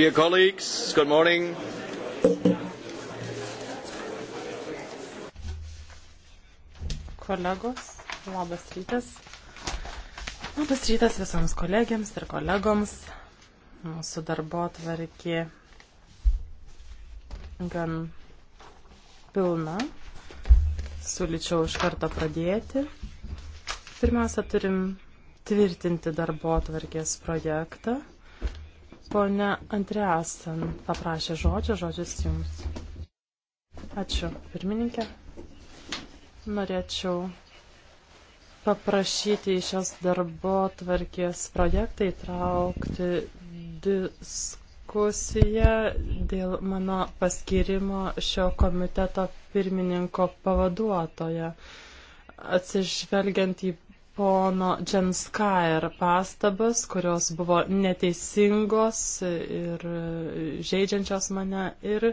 Dear colleagues, good morning. Kolegos, labas rytas. Labas rytas visoms kolegiams ir kolegoms. Mūsų darbo tvarkė gan pilna. Suličiau iš karto pradėti. Pirmiausia, turim tvirtinti darbo tvarkės projektą. Pone Andreasen paprašė žodžio, žodžius jums. Ačiū, pirmininkė. Norėčiau paprašyti į šios darbo tvarkės projektą įtraukti diskusiją dėl mano paskirimo šio komiteto pirmininko pavaduotoje. Atsižvelgiant į pono Dženska ir pastabas, kurios buvo neteisingos ir žaidžiančios mane ir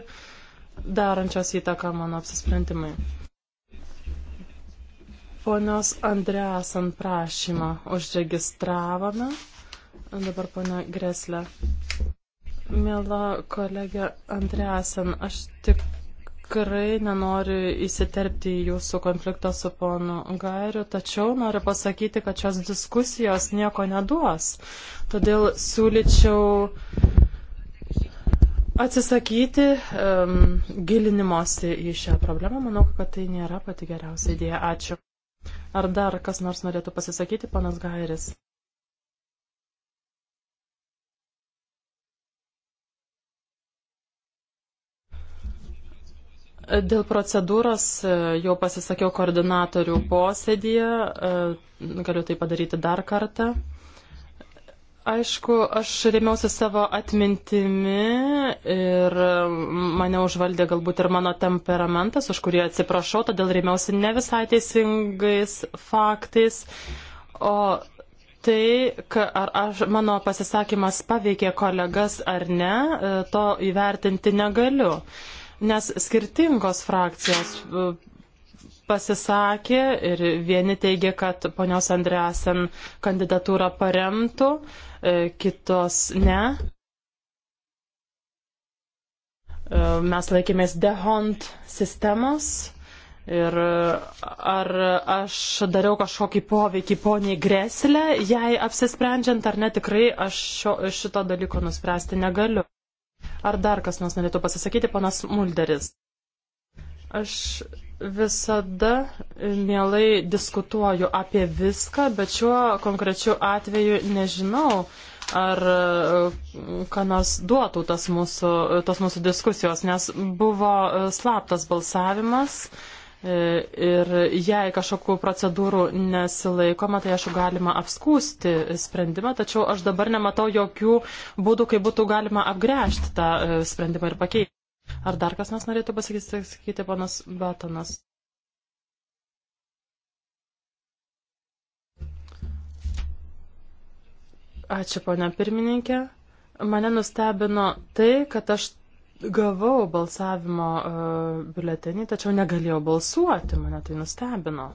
darančios įtaką mano apsisprendimai. Ponios Andreasan prašymą užregistravome. Dabar ponia Greslė. Mėla kolegė Andreasan, aš tik tikrai nenoriu įsiterpti į jūsų konfliktą su ponu Gairiu, tačiau noriu pasakyti, kad šios diskusijos nieko neduos. Todėl siūlyčiau atsisakyti um, gilinimosi į šią problemą. Manau, kad tai nėra pati geriausia idėja. Ačiū. Ar dar kas nors norėtų pasisakyti, panas Gairis? Dėl procedūros e, jau pasisakiau koordinatorių posėdėje, e, galiu tai padaryti dar kartą. Aišku, aš rėmiausi savo atmintimi ir mane užvaldė galbūt ir mano temperamentas, už kurį atsiprašau, todėl rėmiausi ne visai teisingais faktais. O tai, ar aš, mano pasisakymas paveikė kolegas ar ne, e, to įvertinti negaliu nes skirtingos frakcijos e, pasisakė ir vieni teigia, kad ponios Andreasen kandidatūrą paremtų, e, kitos ne. E, mes laikėmės dehont sistemos Ir ar aš dariau kažkokį poveikį poniai Greslę, jai apsisprendžiant ar ne, tikrai aš šio, šito dalyko nuspręsti negaliu. Ar dar kas nors norėtų pasisakyti, ponas Mulderis? Aš visada mielai diskutuoju apie viską, bet šiuo konkrečiu atveju nežinau, ar e, ką nors duotų tas mūsų, tos mūsų diskusijos, nes buvo e, slaptas balsavimas. Uh, E, ir jei kažkokių procedūrų nesilaikoma, tai aišku galima apskūsti sprendimą, tačiau aš dabar nematau jokių būdų, kaip būtų galima apgręžti tą e, sprendimą ir pakeisti. Ar dar kas nors norėtų pasakyti, sakyti panas Batonas? Ačiū, ponia pirmininkė. Mane nustebino tai, kad aš Gavau balsavimo e, biuletenį, tačiau negalėjau balsuoti, mane tai nustebino.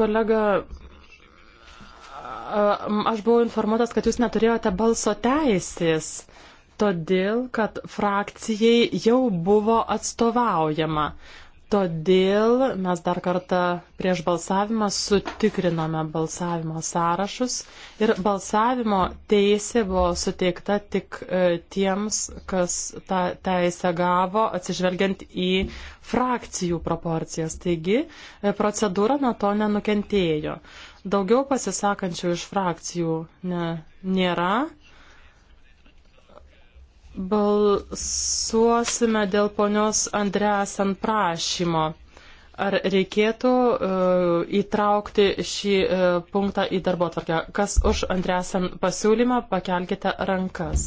Kolega, aš buvau informuotas, kad jūs neturėjote balso teisės todėl, kad frakcijai jau buvo atstovaujama. Todėl mes dar kartą prieš balsavimą sutikrinome balsavimo sąrašus ir balsavimo teisė buvo suteikta tik e, tiems, kas tą teisę gavo, atsižvelgiant į frakcijų proporcijas. Taigi e, procedūra nuo to nenukentėjo. Daugiau pasisakančių iš frakcijų ne, nėra. Balsuosime dėl ponios Andreasan prašymo. Ar reikėtų uh, įtraukti šį uh, punktą į darbo tvarkę? Kas už Andreasan pasiūlymą, pakelkite rankas.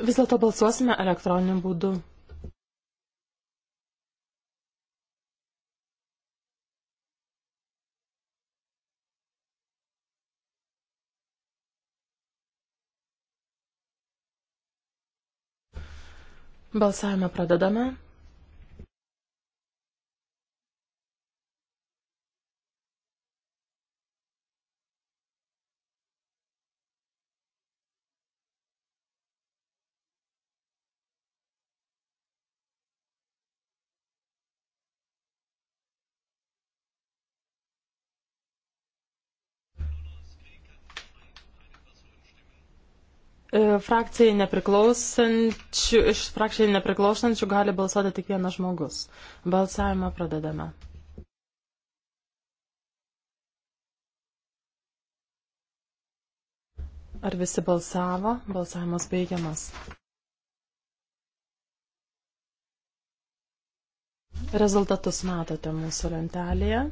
Vis dėlto balsuosime elektroniniu būdu. Balsavimą pradedame. E, frakcijai nepriklausančių, iš frakcijai nepriklausančių gali balsuoti tik vienas žmogus. Balsavimą pradedame. Ar visi balsavo? Balsavimas baigiamas. Rezultatus matote mūsų lentelėje.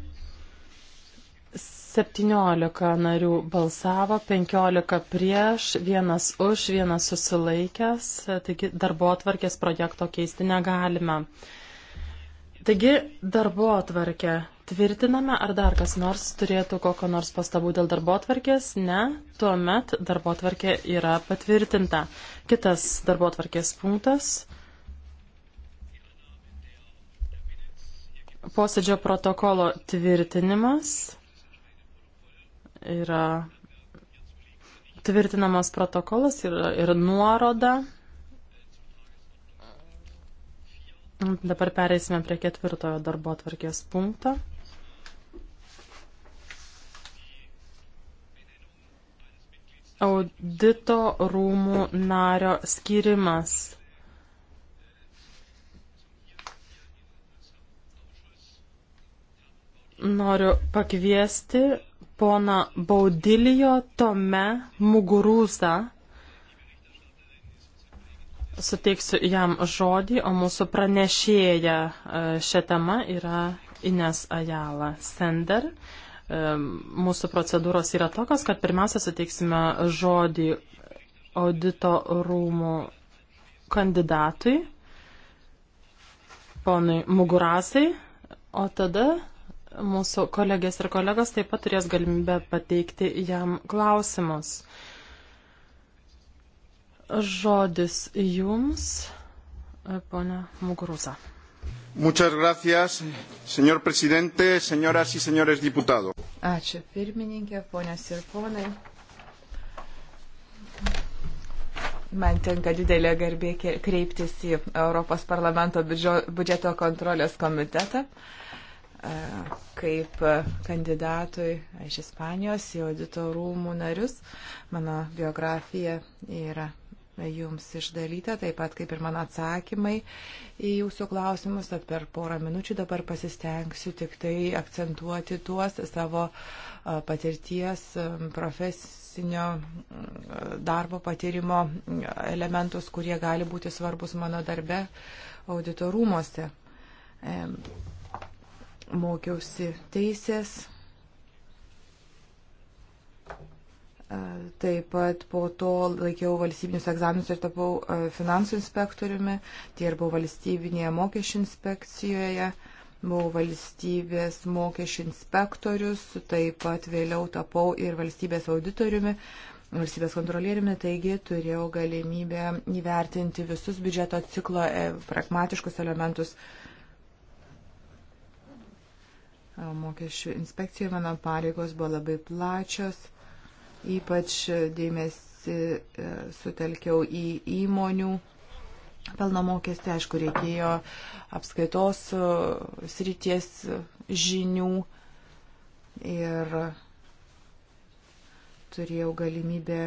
17 narių balsavo, 15 prieš, vienas už, vienas susilaikęs, taigi darbo atvarkės projekto keisti negalime. Taigi darbo atvarkę tvirtiname, ar dar kas nors turėtų kokio nors pastabų dėl darbo atvarkės? Ne, tuomet darbo atvarkė yra patvirtinta. Kitas darbo atvarkės punktas. Posėdžio protokolo tvirtinimas yra tvirtinamas protokolas ir, ir nuoroda. Dabar pereisime prie ketvirtojo darbo atvarkės punkto. Audito rūmų nario skirimas. Noriu pakviesti pona Baudilijo Tome Mugurūza. Suteiksiu jam žodį, o mūsų pranešėja e, šią temą yra Ines Ajala Sender. E, mūsų procedūros yra tokios, kad pirmiausia suteiksime žodį audito rūmų kandidatui, ponui Mugurasai, o tada mūsų kolegės ir kolegos taip pat turės galimybę pateikti jam klausimus. Žodis jums, ponia Muguruza. Muchas gracias, señor presidente, señoras y señores diputados. Ačiū pirmininkė, ponios ir ponai. Man tenka didelė garbė kreiptis į Europos parlamento biudžeto kontrolės komitetą. Uh, kaip kandidatui iš Ispanijos į audito rūmų narius. Mano biografija yra jums išdalyta, taip pat kaip ir mano atsakymai į jūsų klausimus. Tad per porą minučių dabar pasistengsiu tik tai akcentuoti tuos savo patirties profesinio darbo patyrimo elementus, kurie gali būti svarbus mano darbe auditorumuose mokiausi teisės. E, taip pat po to laikiau valstybinius egzaminus ir tapau e, finansų inspektoriumi, dirbau valstybinėje mokesčių inspekcijoje, buvau valstybės mokesčių inspektorius, taip pat vėliau tapau ir valstybės auditoriumi, valstybės kontrolieriumi, taigi turėjau galimybę įvertinti visus biudžeto ciklo e, pragmatiškus elementus. Uh, mokesčių inspekcijoje mano pareigos buvo labai plačios, ypač dėmesį e, sutelkiau į įmonių pelno mokestį, aišku, reikėjo apskaitos e, srities žinių ir turėjau galimybę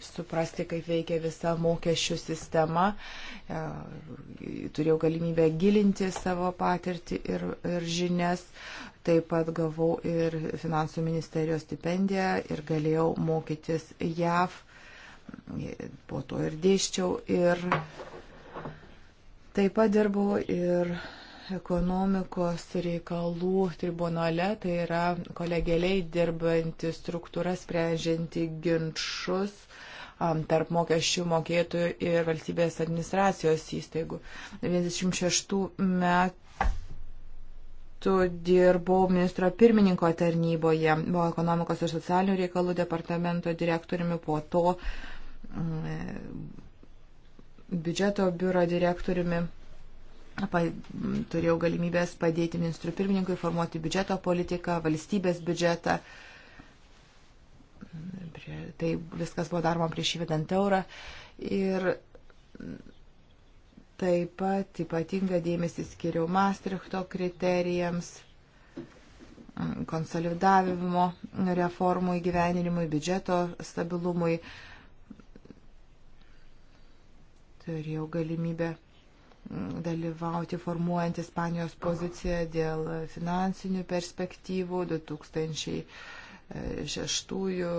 suprasti, kaip veikia visa mokesčių sistema. Turėjau galimybę gilinti savo patirtį ir, ir žinias. Taip pat gavau ir finansų ministerijos stipendiją ir galėjau mokytis JAV. Po to ir dėščiau. Ir taip pat dirbau ir ekonomikos reikalų tribunale, tai yra kolegėliai dirbanti struktūra sprendžianti ginčius tarp mokesčių mokėtojų ir valstybės administracijos įstaigų. 96 metų dirbau ministro pirmininko tarnyboje, buvo ekonomikos ir socialinių reikalų departamento direktoriumi, po to mm, biudžeto biuro direktoriumi turėjau galimybės padėti ministrų pirmininkui formuoti biudžeto politiką, valstybės biudžetą. Uh, prie, tai viskas buvo daroma prieš įvedant eurą. Ir taip pat ypatinga dėmesį skiriau Maastrichto kriterijams, konsolidavimo reformų įgyveninimui, biudžeto stabilumui. Turėjau galimybę dalyvauti formuojant Ispanijos poziciją dėl finansinių perspektyvų 2000 šeštųjų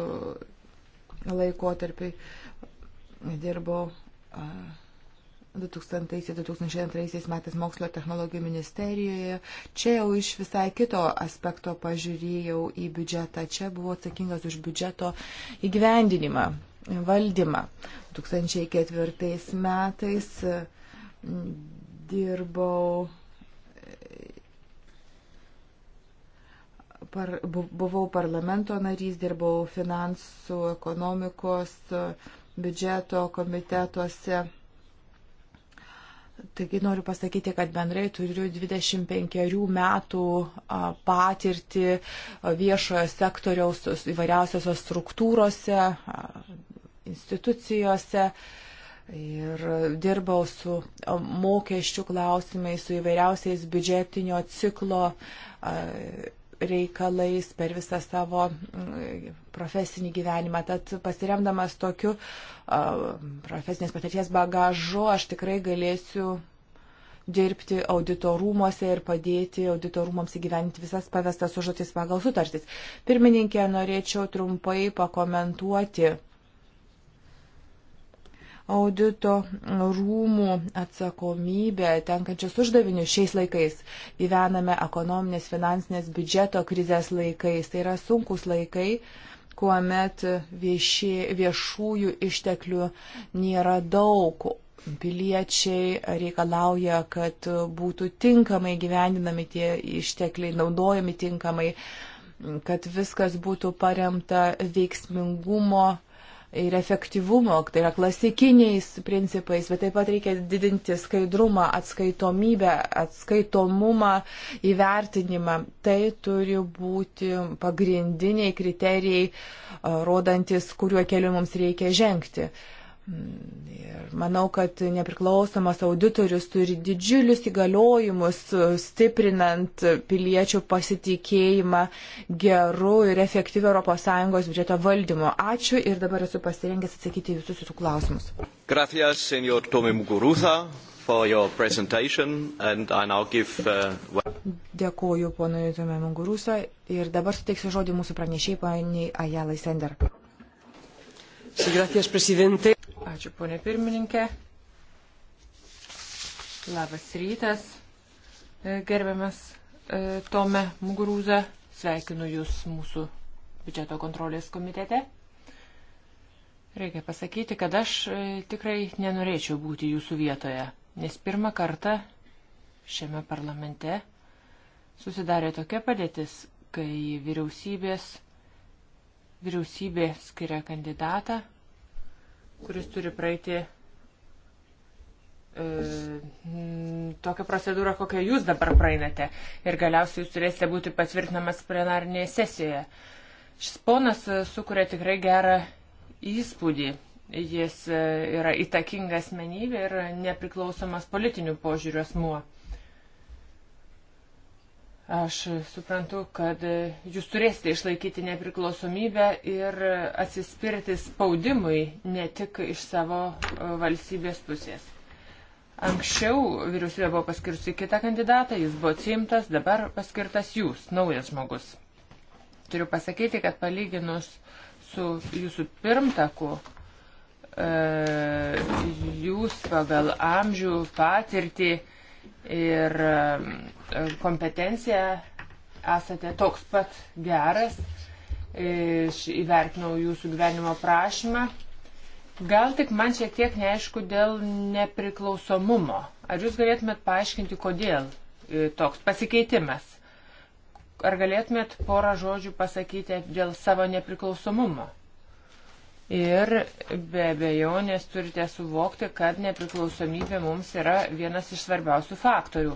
laikotarpiai dirbau 2000-2002 metais mokslo technologijų ministerijoje. Čia jau iš visai kito aspekto pažiūrėjau į biudžetą. Čia buvau atsakingas už biudžeto įgyvendinimą, valdymą. 2004 metais dirbau par, buvau parlamento narys, dirbau finansų, ekonomikos, biudžeto komitetuose. Taigi noriu pasakyti, kad bendrai turiu 25 metų patirtį viešojo sektoriaus įvairiausiose struktūrose, institucijose. Ir dirbau su mokesčių klausimais, su įvairiausiais biudžetinio ciklo reikalais per visą savo mm, profesinį gyvenimą. Tad pasiremdamas tokiu profesinės patirties bagažu, aš tikrai galėsiu dirbti auditorumuose ir padėti auditorumams įgyventi visas pavestas užduotis pagal sutartis. Pirmininkė, norėčiau trumpai pakomentuoti audito rūmų atsakomybę tenkančius uždavinius šiais laikais. Gyvename ekonominės, finansinės, biudžeto krizės laikais. Tai yra sunkus laikai kuomet vieši, viešųjų išteklių nėra daug. Piliečiai reikalauja, kad būtų tinkamai gyvendinami tie ištekliai, naudojami tinkamai, kad viskas būtų paremta veiksmingumo ir efektyvumo, tai yra klasikiniais principais, bet taip pat reikia didinti skaidrumą, atskaitomybę, atskaitomumą, įvertinimą. Tai turi būti pagrindiniai kriterijai, rodantis, kuriuo keliu mums reikia žengti. Uh, Ir manau, kad nepriklausomas auditorius turi didžiulius įgaliojimus, e, stiprinant piliečių pasitikėjimą gerų ir efektyvių ES biudžeto valdymo. Ačiū ir dabar esu pasirengęs atsakyti visus jūsų klausimus. Gracias, senor Tomi Muguruza, for your presentation and I now give... Uh... Dėkuoju, ponui Tomi Muguruza ir dabar suteiksiu žodį mūsų pranešėjai, poniai Ajalai Sender. Sí, gracias, presidente. Ačiū, ponė pirmininkė. Labas rytas, e, gerbiamas e, Tome Mugrūza. Sveikinu Jūs mūsų biudžeto kontrolės komitete. Reikia pasakyti, kad aš e, tikrai nenorėčiau būti Jūsų vietoje, nes pirmą kartą šiame parlamente susidarė tokia padėtis, kai vyriausybės, vyriausybė skiria kandidatą kuris turi praeiti e, tokią procedūrą, kokią jūs dabar praeinate. Ir galiausiai jūs turėsite būti patvirtinamas plenarinėje sesijoje. Šis ponas e, sukuria tikrai gerą įspūdį. Jis e, yra įtakinga asmenybė ir nepriklausomas politinių požiūrių asmuo. Aš suprantu, kad jūs turėsite išlaikyti nepriklausomybę ir atsispirti spaudimui ne tik iš savo e, valstybės pusės. Anksčiau vyriausybė buvo paskirsi kitą kandidatą, jis buvo atsimtas, dabar paskirtas jūs, naujas žmogus. Turiu pasakyti, kad palyginus su jūsų pirmtaku, e, jūs pagal amžių patirtį, ir e, kompetencija esate toks pat geras. Iš įvertinau jūsų gyvenimo prašymą. Gal tik man šiek tiek neaišku dėl nepriklausomumo. Ar jūs galėtumėt paaiškinti, kodėl e, toks pasikeitimas? Ar galėtumėt porą žodžių pasakyti dėl savo nepriklausomumo? Ir be abejonės turite suvokti, kad nepriklausomybė mums yra vienas iš svarbiausių faktorių.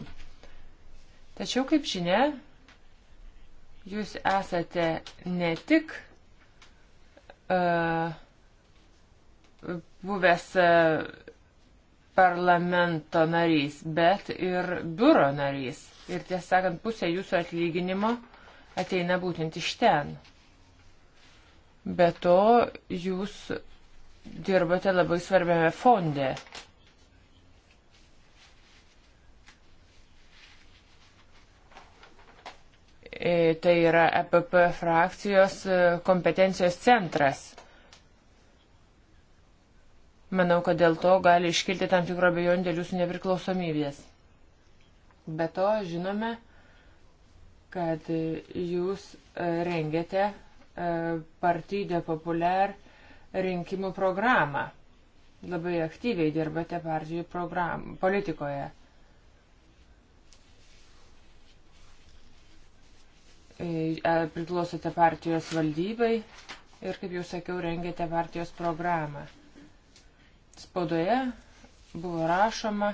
Tačiau, kaip žinia, jūs esate ne tik uh, buvęs uh, parlamento narys, bet ir biuro narys. Ir tiesą sakant, pusė jūsų atlyginimo ateina būtent iš ten. Be to, jūs dirbate labai svarbiame fonde. E, tai yra EPP frakcijos e, kompetencijos centras. Manau, kad dėl to gali iškilti tam tikro abejonių dėl jūsų nepriklausomybės. Be to, žinome, kad jūs rengiate E, partydė populiar rinkimų programą. Labai aktyviai dirbate partijų program, politikoje. E, priklausote partijos valdybai ir, kaip jau sakiau, rengėte partijos programą. Spaudoje buvo rašoma,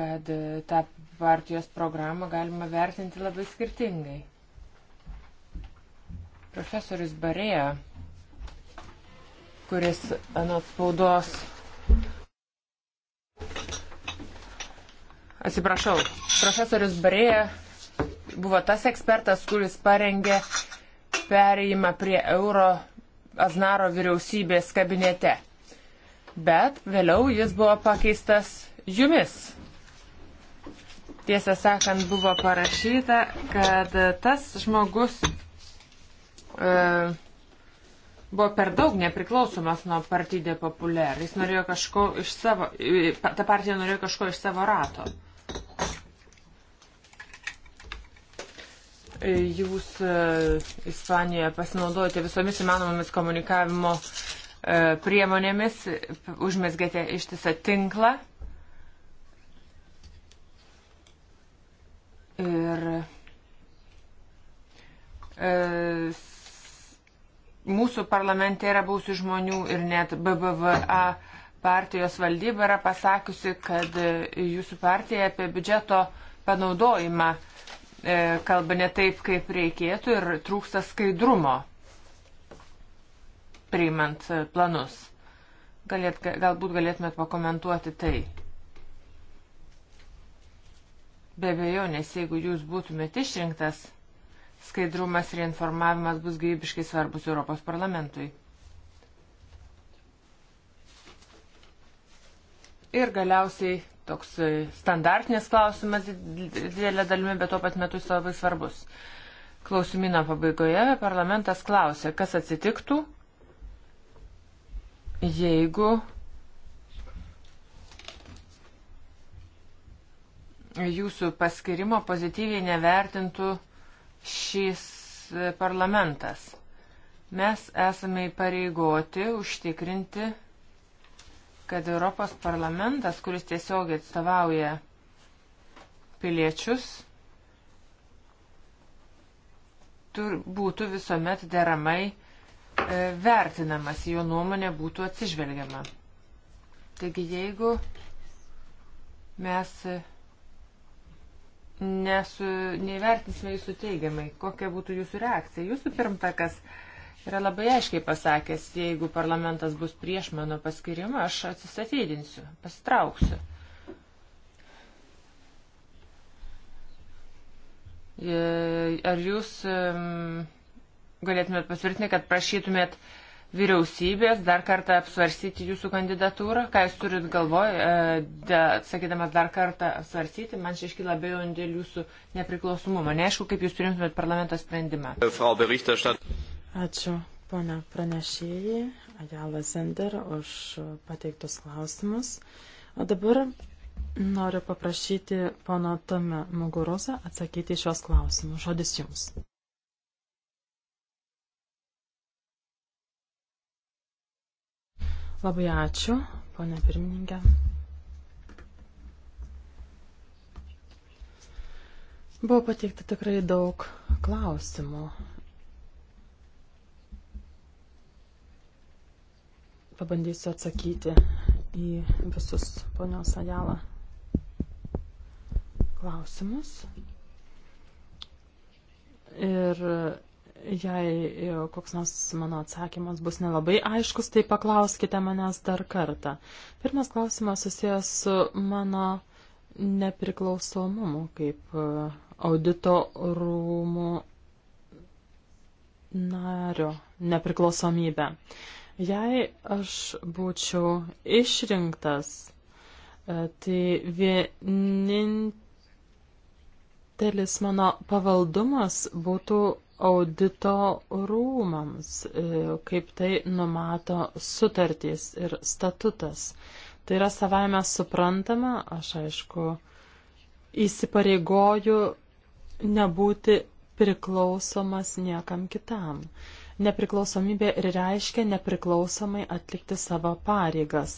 kad tą partijos programą galima vertinti labai skirtingai. Profesorius Barėja, kuris anot spaudos. Atsiprašau, profesorius Barėja buvo tas ekspertas, kuris parengė perėjimą prie euro Aznaro vyriausybės kabinete. Bet vėliau jis buvo pakeistas jumis. Tiesą sakant, buvo parašyta, kad tas žmogus E, buvo per daug nepriklausomas nuo partidė populiar. Jis norėjo kažko iš savo, ta partija norėjo kažko iš savo rato. E, jūs e, Ispanijoje pasinaudojate visomis įmanomomis komunikavimo priemonėmis, užmesgėte ištisą tinklą. Ir Mūsų parlamente yra būsių žmonių ir net BBVA partijos valdyba yra pasakiusi, kad e, jūsų partija apie biudžeto panaudojimą e, kalba ne taip, kaip reikėtų ir trūksta skaidrumo priimant e, planus. Galėt, galbūt galėtumėt pakomentuoti tai. Be abejo, nes jeigu jūs būtumėt išrinktas, Skaidrumas ir informavimas bus gyvybiškai svarbus Europos parlamentui. Ir galiausiai toks e, standartinis klausimas didelė dalimi, bet tuo pat metu jis labai svarbus. Klausimino pabaigoje parlamentas klausė, kas atsitiktų, jeigu jūsų paskirimo pozityviai nevertintų šis e, parlamentas. Mes esame įpareigoti užtikrinti, kad Europos parlamentas, kuris tiesiog atstovauja piliečius, tur, būtų visuomet deramai e, vertinamas, jo nuomonė būtų atsižvelgiama. Taigi jeigu mes e, nesu, neįvertinsime jūsų teigiamai. Kokia būtų jūsų reakcija? Jūsų pirmtakas yra labai aiškiai pasakęs, jeigu parlamentas bus prieš mano paskirimą, aš atsistatydinsiu, pasitrauksiu. E, ar jūs galėtumėt pasvirtinti, kad prašytumėt uh, vyriausybės dar kartą apsvarstyti jūsų kandidatūrą? Ką jūs turit galvoj, e, sakydamas dar kartą apsvarstyti, man čia iškyla abejonių dėl jūsų nepriklausomumo. Neaišku, kaip jūs turimtumėt parlamento sprendimą. Ačiū, ponia pranešėjai, Ajala Zender, už pateiktus klausimus. O dabar noriu paprašyti pono Tome Mugurosą atsakyti šios klausimus. Žodis jums. Labai ačiū, ponė pirmininkė. Buvo pateikta tikrai daug klausimų. Pabandysiu atsakyti į visus ponios Ajalą klausimus. Ir Jei e, koks nors mano atsakymas bus nelabai aiškus, tai paklauskite manęs dar kartą. Pirmas klausimas susijęs su mano nepriklausomumu kaip e, audito rūmų nario nepriklausomybę. Jei aš būčiau išrinktas, e, tai vienintelis mano pavaldumas būtų audito rūmams, e, kaip tai numato sutartys ir statutas. Tai yra savaime suprantama, aš aišku, įsipareigoju nebūti priklausomas niekam kitam. Nepriklausomybė ir reiškia nepriklausomai atlikti savo pareigas.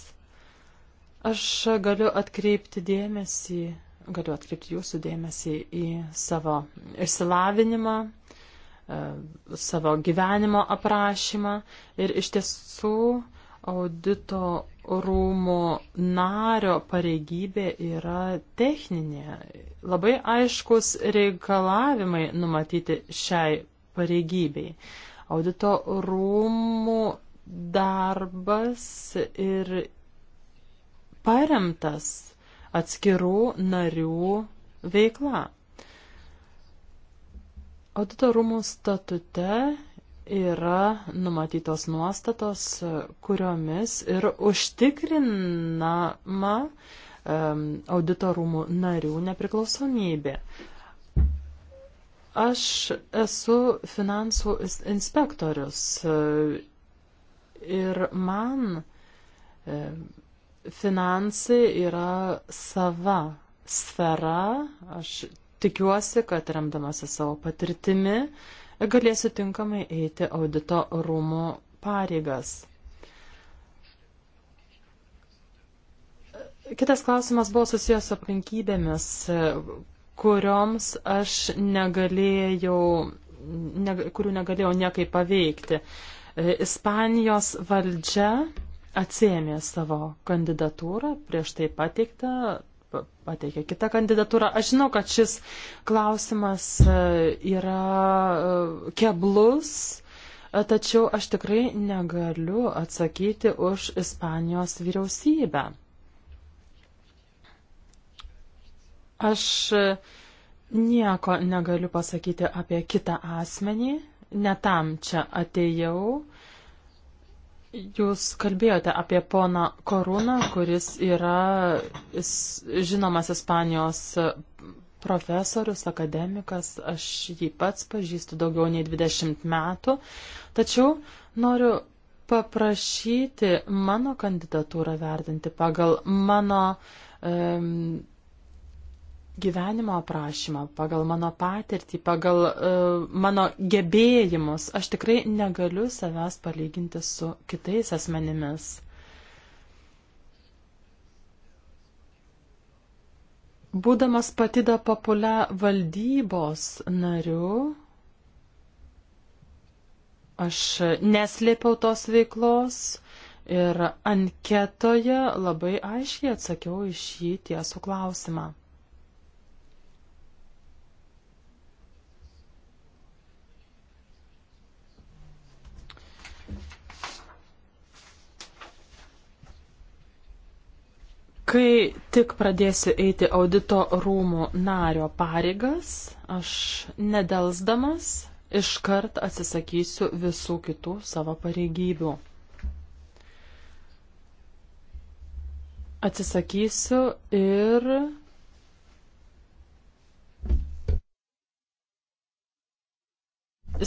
Aš galiu atkreipti dėmesį, galiu atkreipti jūsų dėmesį į savo išsilavinimą, E, savo gyvenimo aprašymą ir iš tiesų audito rūmų nario pareigybė yra techninė. Labai aiškus reikalavimai numatyti šiai pareigybei. Audito rūmų darbas ir paremtas atskirų narių veikla. Audito rūmų statute yra numatytos nuostatos, kuriomis ir užtikrinama audito rūmų narių nepriklausomybė. Aš esu finansų inspektorius ir man finansai yra sava sfera, aš tikiuosi, kad remdamasi savo patirtimi galėsiu tinkamai eiti audito rūmų pareigas. Kitas klausimas buvo susijęs su aplinkybėmis, kurioms aš negalėjau, ne, kurių negalėjau niekaip paveikti. Ispanijos valdžia atsėmė savo kandidatūrą prieš tai pateiktą, pateikė kitą kandidatūrą. Aš žinau, kad šis klausimas e, yra e, keblus, e, tačiau aš tikrai negaliu atsakyti už Ispanijos vyriausybę. Aš nieko negaliu pasakyti apie kitą asmenį, netam čia atėjau. Jūs kalbėjote apie poną Korūną, kuris yra žinomas Ispanijos profesorius, akademikas, aš jį pats pažįstu daugiau nei 20 metų, tačiau noriu paprašyti mano kandidatūrą vertinti pagal mano um, e, gyvenimo aprašymą, pagal mano patirtį, pagal uh, mano gebėjimus. Aš tikrai negaliu savęs palyginti su kitais asmenimis. Būdamas patida populia valdybos nariu, aš neslėpiau tos veiklos, Ir anketoje labai aiškiai atsakiau į šį tiesų klausimą. Kai tik pradėsiu eiti audito rūmų nario pareigas, aš nedelsdamas iškart atsisakysiu visų kitų savo pareigybių. Atsisakysiu ir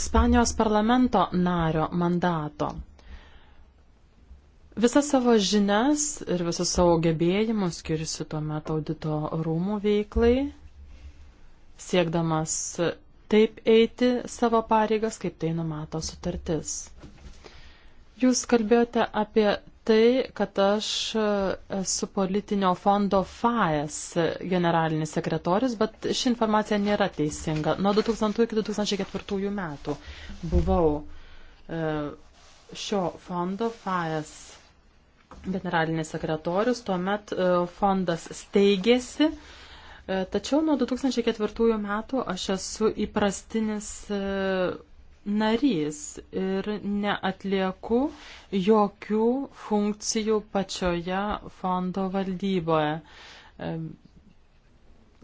Ispanijos parlamento nario mandato. Visas savo žinias ir visus savo gebėjimus skirsiu tuomet audito rūmų veiklai, siekdamas taip eiti savo pareigas, kaip tai numato sutartis. Jūs kalbėjote apie tai, kad aš esu politinio fondo FAES generalinis sekretorius, bet ši informacija nėra teisinga. Nuo 2000 iki 2004 metų buvau e, šio fondo FAES generalinis sekretorius, tuomet e, fondas steigėsi, e, tačiau nuo 2004 metų aš esu įprastinis e, narys ir neatlieku jokių funkcijų pačioje fondo valdyboje.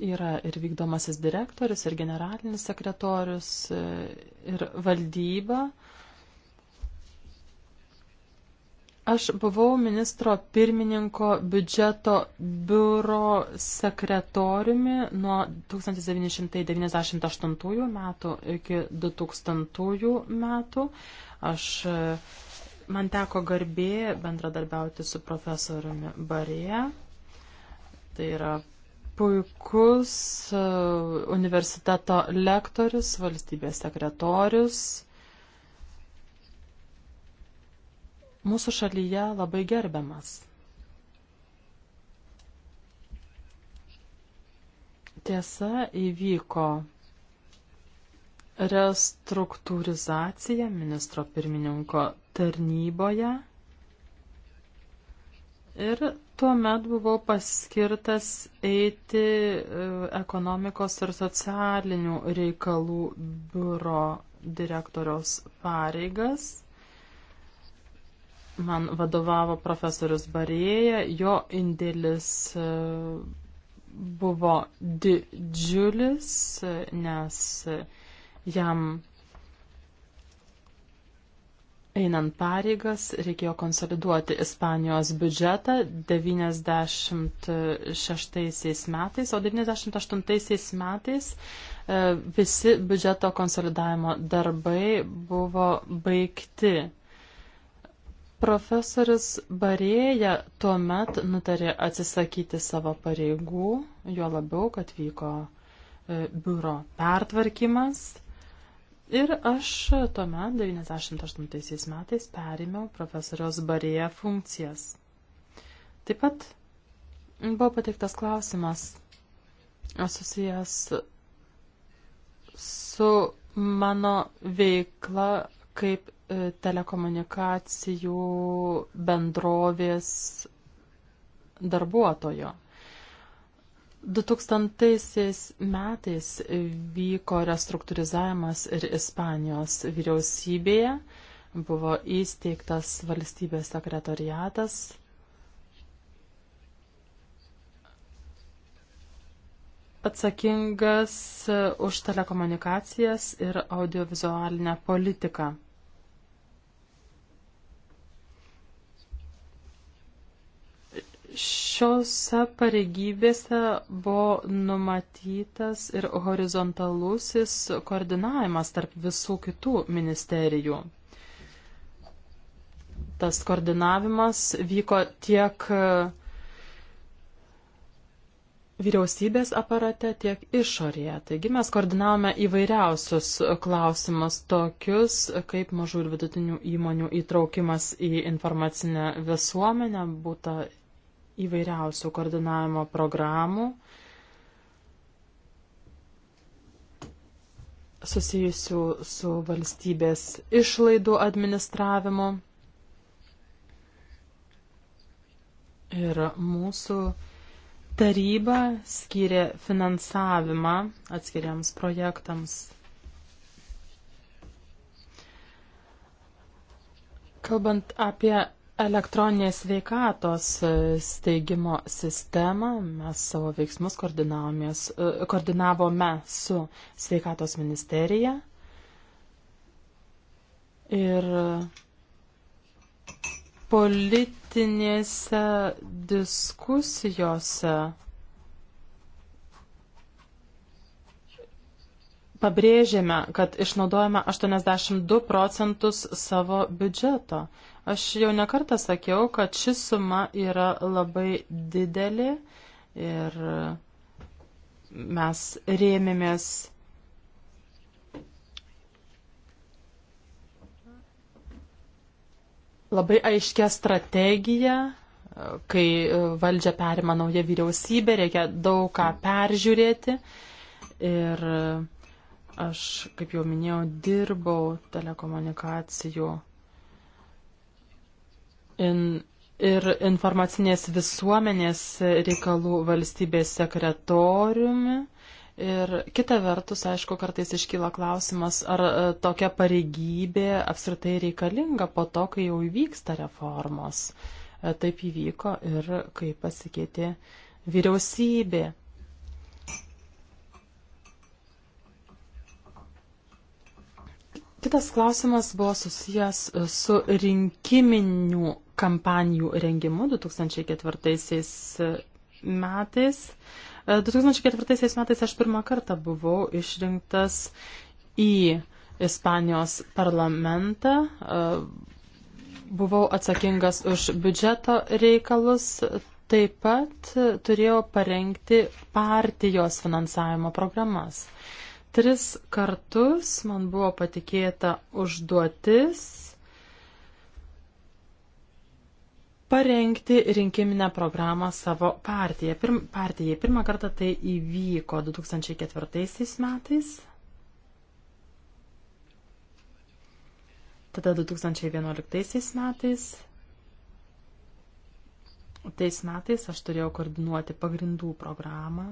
Yra ir vykdomasis direktorius, ir generalinis sekretorius, ir valdyba. Aš buvau ministro pirmininko biudžeto biuro sekretoriumi nuo 1998 metų iki 2000 metų. Aš, man teko garbė bendradarbiauti su profesoriumi Barė. Tai yra puikus e, universiteto lektorius, valstybės sekretorius mūsų šalyje labai gerbiamas. Tiesa, įvyko restruktūrizacija ministro pirmininko tarnyboje ir tuomet buvau paskirtas eiti e, ekonomikos ir socialinių reikalų biuro direktoriaus pareigas man vadovavo profesorius Barėja, jo indėlis e, buvo didžiulis, e, nes e, jam einant pareigas reikėjo konsoliduoti Ispanijos biudžetą 96 metais, o 98 metais visi biudžeto konsolidavimo darbai buvo baigti. Profesorius Barėja tuomet nutarė atsisakyti savo pareigų, jo labiau, kad vyko e, biuro pertvarkymas. Ir aš tuomet 98 metais perėmiau profesoriaus Barėja funkcijas. Taip pat buvo pateiktas klausimas susijęs su mano veikla kaip e, telekomunikacijų bendrovės darbuotojo. 2000 metais vyko restruktūrizavimas ir Ispanijos vyriausybėje, buvo įsteigtas valstybės sekretariatas. Atsakingas už telekomunikacijas ir audiovizualinę politiką. Šiose pareigybėse buvo numatytas ir horizontalusis koordinavimas tarp visų kitų ministerijų. Tas koordinavimas vyko tiek e, vyriausybės aparate, tiek išorėje. Taigi mes koordinavome įvairiausius klausimus, tokius kaip mažų ir vidutinių įmonių įtraukimas į informacinę visuomenę, būta įvairiausių koordinavimo programų susijusių su valstybės išlaidų administravimu. Ir mūsų taryba skiria finansavimą atskiriams projektams. Kalbant apie elektroninės veikatos e, steigimo sistemą mes savo veiksmus e, koordinavome su sveikatos ministerija. Ir politinėse diskusijose pabrėžėme, kad išnaudojame 82 procentus savo biudžeto. Aš jau nekartą sakiau, kad ši suma yra labai didelė ir mes rėmėmės labai aiškia strategija, kai valdžia perima nauja vyriausybė, reikia daug ką peržiūrėti. Ir aš, kaip jau minėjau, dirbau telekomunikacijų in, ir informacinės visuomenės reikalų valstybės sekretoriumi. Ir kita vertus, aišku, kartais iškyla klausimas, ar e, tokia pareigybė apskritai reikalinga po to, kai jau įvyksta reformos. E, taip įvyko ir kai pasikeitė vyriausybė. Kitas klausimas buvo susijęs su rinkiminių kampanijų rengimu 2004 e, metais. 2004 e, metais aš pirmą kartą buvau išrinktas į Ispanijos parlamentą. E, buvau atsakingas už biudžeto reikalus. Taip pat turėjau parengti partijos finansavimo programas. Tris kartus man buvo patikėta užduotis parengti rinkiminę programą savo partiją. Pirm, partijai. Pirmą kartą tai įvyko 2004 metais. Tada 2011 metais. Tais metais aš turėjau koordinuoti pagrindų programą.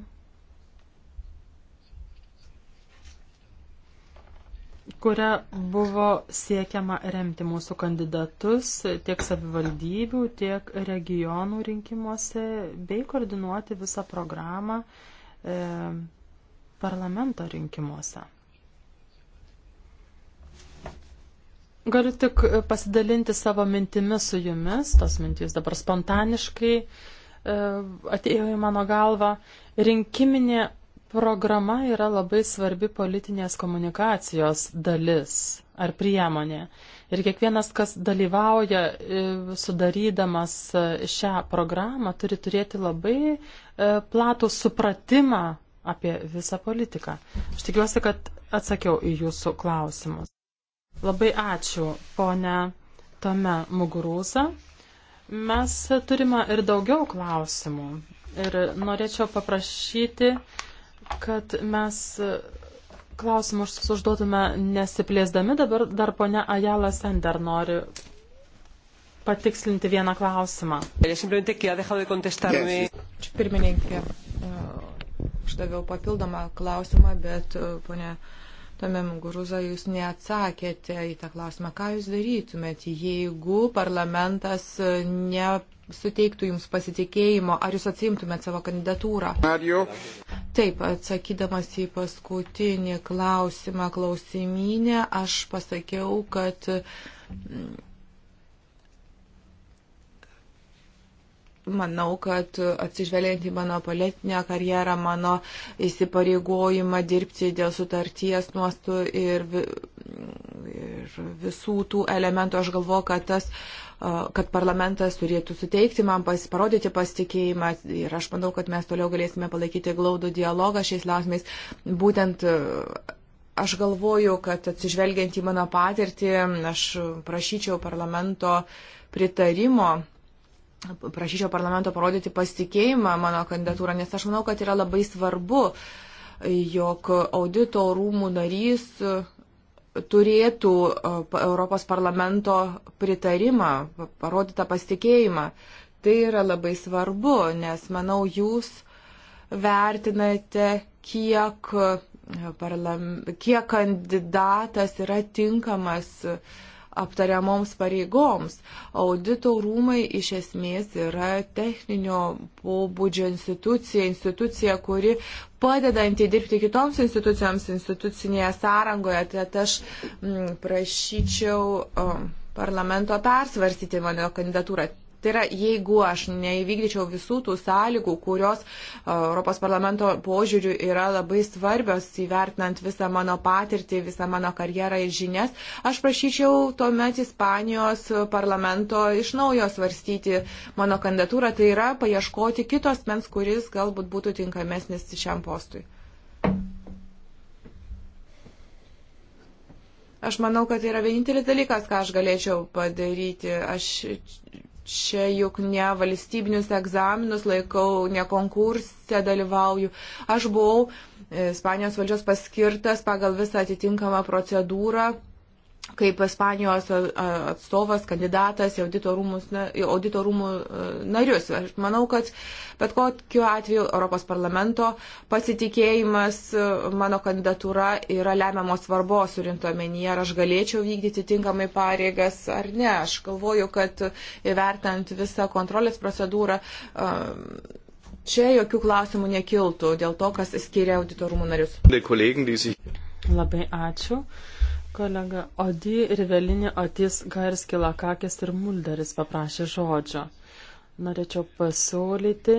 kuria buvo siekiama remti mūsų kandidatus tiek savivaldybių, tiek regionų rinkimuose, bei koordinuoti visą programą e, parlamento rinkimuose. Galiu tik pasidalinti savo mintimis su jumis, tos mintys dabar spontaniškai e, atėjo į mano galvą. Rinkiminė Programa yra labai svarbi politinės komunikacijos dalis ar priemonė. Ir kiekvienas, kas dalyvauja e, sudarydamas e, šią programą, turi turėti labai e, platų supratimą apie visą politiką. Aš tikiuosi, kad atsakiau į jūsų klausimus. Labai ačiū, ponia Tome Mugurūza. Mes turime ir daugiau klausimų. Ir norėčiau paprašyti kad mes e, klausimus užduotume nesiplėsdami. Dabar dar ponia Ajala Sender nori patikslinti vieną klausimą. Pirmininkė, uždaviau e, papildomą klausimą, bet e, ponia Tame Muguruza jūs neatsakėte į tą klausimą, ką jūs darytumėt, jeigu parlamentas ne, suteiktų jums pasitikėjimo, ar jūs atsimtumėt savo kandidatūrą? Mario. Taip, atsakydamas į paskutinį klausimą klausimynę, aš pasakiau, kad manau, kad atsižvelgiant į mano politinę karjerą, mano įsipareigojimą dirbti dėl sutarties nuostų ir, ir visų tų elementų, aš galvoju, kad tas kad parlamentas turėtų suteikti man pas, parodyti pasitikėjimą ir aš manau, kad mes toliau galėsime palaikyti glaudų dialogą šiais lausmais. Būtent aš galvoju, kad atsižvelgiant į mano patirtį, aš prašyčiau parlamento pritarimo prašyčiau parlamento parodyti pasitikėjimą mano kandidatūrą, nes aš manau, kad yra labai svarbu, jog audito rūmų narys turėtų e, Europos parlamento pritarimą, parodytą pasitikėjimą. Tai yra labai svarbu, nes manau, jūs vertinate, kiek, e, parlam, kiek kandidatas yra tinkamas uh, aptariamoms pareigoms. Audito rūmai iš esmės yra techninio pobūdžio institucija, institucija, kuri padedanti dirbti kitoms institucijoms institucinėje sąrangoje. Tad aš mm, prašyčiau um, parlamento persvarstyti mano kandidatūrą. Tai yra, jeigu aš neįvykdyčiau visų tų sąlygų, kurios e, Europos parlamento požiūrių yra labai svarbios įvertinant visą mano patirtį, visą mano karjerą ir žinias, aš prašyčiau tuomet Ispanijos parlamento iš naujo svarstyti mano kandidatūrą, tai yra paieškoti kitos mens, kuris galbūt būtų tinkamesnis šiam postui. Aš manau, kad tai yra vienintelis dalykas, ką aš galėčiau padaryti. Aš čia juk ne valstybinius egzaminus laikau, ne konkurse dalyvauju. Aš buvau e, Ispanijos valdžios paskirtas pagal visą atitinkamą procedūrą kaip Ispanijos atstovas, kandidatas į audito, rūmus, audito rūmų narius. Aš manau, kad bet kokiu atveju Europos parlamento pasitikėjimas mano kandidatūra yra lemiamos svarbos surintomenyje, ar aš galėčiau vykdyti tinkamai pareigas ar ne. Aš galvoju, kad įvertant visą kontrolės procedūrą. Čia jokių klausimų nekiltų dėl to, kas skiria auditorumų narius. Labai ačiū. Kolega Odi ir Velinė Otis Garskilakakis ir Mulderis paprašė žodžio. Norėčiau pasiūlyti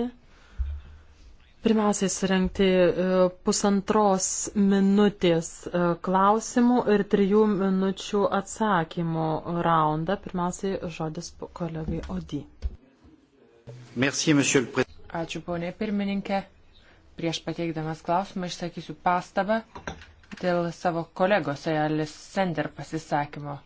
Pirmiausiai surenkti e, pusantros minutės e, klausimų ir trijų minučių atsakymų raundą. Pirmiausiai žodis kolegai Odi. Merci, Ačiū, ponė pirmininkė. Prieš pateikdamas klausimą išsakysiu pastabą dėl savo kolegos Ajalis Sender pasisakymo.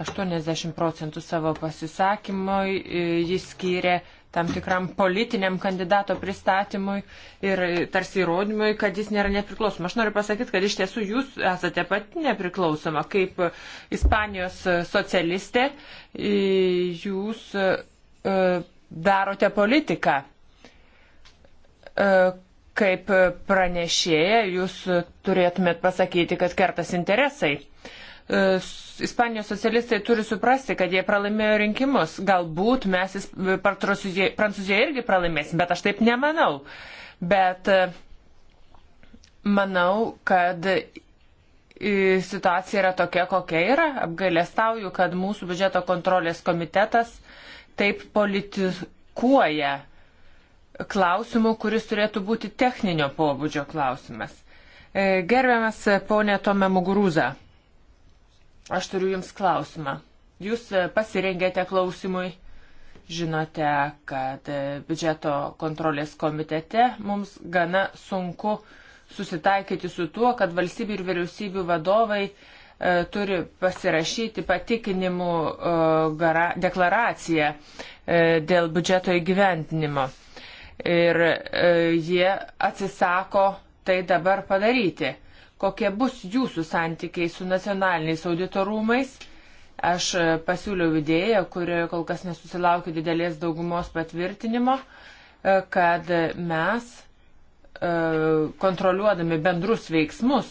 80 procentų savo pasisakymo e, jis skyrė tam tikram politiniam kandidato pristatymui ir e, tarsi įrodymui, kad jis nėra nepriklausoma. Aš noriu pasakyti, kad iš tiesų jūs esate pati nepriklausoma. Kaip e, Ispanijos socialistė, jūs darote politiką kaip pranešėja jūs turėtumėt pasakyti, kad kertas interesai. E, Ispanijos socialistai turi suprasti, kad jie pralaimėjo rinkimus. Galbūt mes Prancūzijoje irgi pralaimėsim, bet aš taip nemanau. Bet e, manau, kad situacija yra tokia, kokia yra. Apgailestauju, kad mūsų biudžeto kontrolės komitetas taip politikuoja klausimu, kuris turėtų būti techninio pobūdžio klausimas. E, gerbiamas ponė Tome Mugurūza, aš turiu Jums klausimą. Jūs pasirengėte klausimui, žinote, kad biudžeto kontrolės komitete mums gana sunku susitaikyti su tuo, kad valstybių ir vyriausybių vadovai e, turi pasirašyti patikinimų e, gara, deklaraciją e, dėl biudžeto įgyventinimo. E, ir e, jie atsisako tai dabar padaryti. Kokie bus jūsų santykiai su nacionaliniais auditorumais? Aš e, pasiūliau idėją, kurioje kol kas nesusilaukiu didelės daugumos patvirtinimo, e, kad mes kontroliuodami bendrus veiksmus,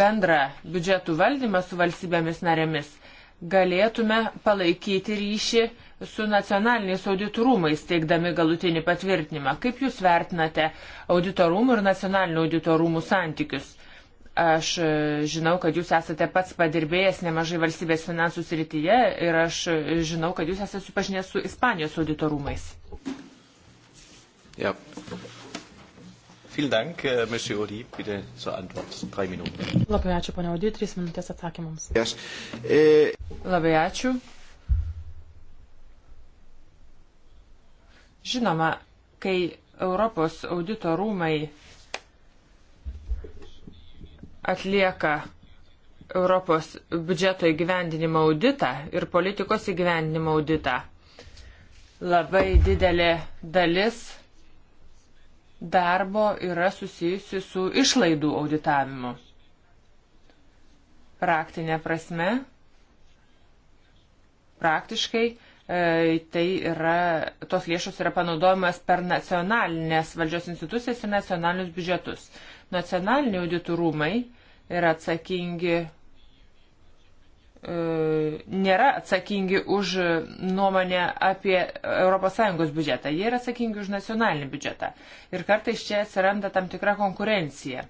bendrą biudžetų valdymą su valstybėmis narėmis, galėtume palaikyti ryšį su nacionaliniais auditorumais teikdami galutinį patvirtinimą. Kaip Jūs vertinate auditorumų ir nacionalinių auditorumų santykius? Aš e, žinau, kad Jūs esate pats padirbėjęs nemažai valstybės finansų srityje ir aš e, žinau, kad Jūs esate supažinęs su Ispanijos auditorumais. Ja. Vielen Dank, äh, Monsieur Audi, bitte zur Antwort. Drei Minuten. Labai ačiū, ponia Audi, trys minutės atsakymams. Yes. E... Labai ačiū. Žinoma, kai Europos audito rūmai atlieka Europos biudžeto įgyvendinimo auditą ir politikos įgyvendinimo auditą, labai didelė dalis darbo yra susijusi su išlaidų auditavimu. Praktinė prasme, praktiškai E, tai yra, tos lėšos yra panaudojamas per nacionalinės valdžios institucijas ir nacionalinius biudžetus. Nacionaliniai auditorumai yra atsakingi, e, nėra atsakingi už nuomonę apie ES biudžetą, jie yra atsakingi už nacionalinį biudžetą. Ir kartais čia atsiranda tam tikra konkurencija.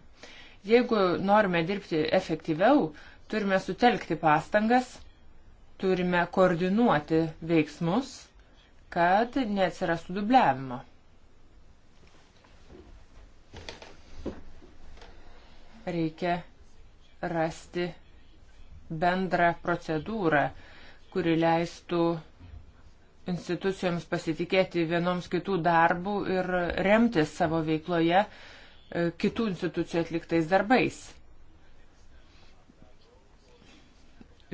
Jeigu norime dirbti efektyviau, turime sutelkti pastangas turime koordinuoti veiksmus, kad neatsirastų dubliavimo. Reikia rasti bendrą procedūrą, kuri leistų institucijoms pasitikėti vienoms kitų darbų ir remtis savo veikloje e, kitų institucijų atliktais darbais.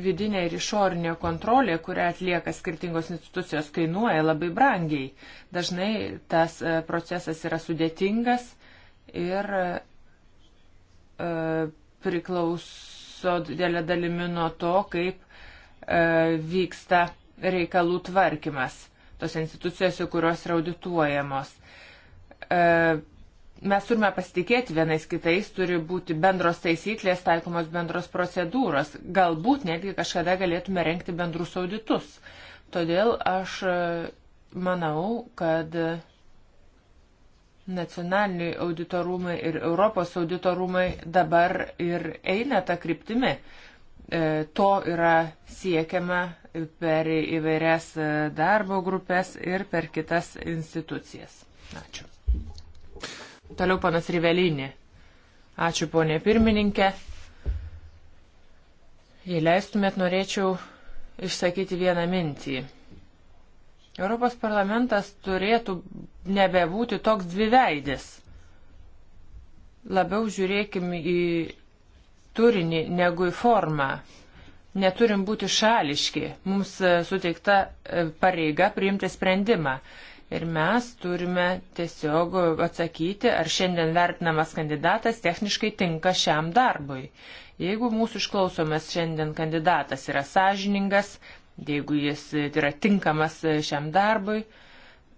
vidinė ir išorinė kontrolė, kurią atlieka skirtingos institucijos, kainuoja labai brangiai. Dažnai tas e, procesas yra sudėtingas ir e, e, priklauso didelė dalimi nuo to, kaip vyksta reikalų tvarkymas tos institucijose, kurios yra audituojamos Mes turime pasitikėti vienais kitais, turi būti bendros taisyklės, taikomos bendros procedūros. Galbūt netgi kažkada galėtume renkti bendrus auditus. Todėl aš e, manau, kad nacionaliniai auditorumai ir Europos auditorumai dabar ir eina tą kryptimį. E, to yra siekiama per įvairias e, darbo grupės ir per kitas institucijas. Ačiū. Toliau panas Rivelinį. Ačiū ponė pirmininkė. Jei leistumėt, norėčiau išsakyti vieną mintį. Europos parlamentas turėtų nebebūti toks dviveidis. Labiau žiūrėkim į turinį negu į formą. Neturim būti šališki. Mums e, suteikta e, pareiga priimti sprendimą. Ir mes turime tiesiog atsakyti, ar šiandien vertinamas kandidatas techniškai tinka šiam darbui. Jeigu mūsų išklausomas šiandien kandidatas yra sąžiningas, jeigu jis yra tinkamas šiam darbui,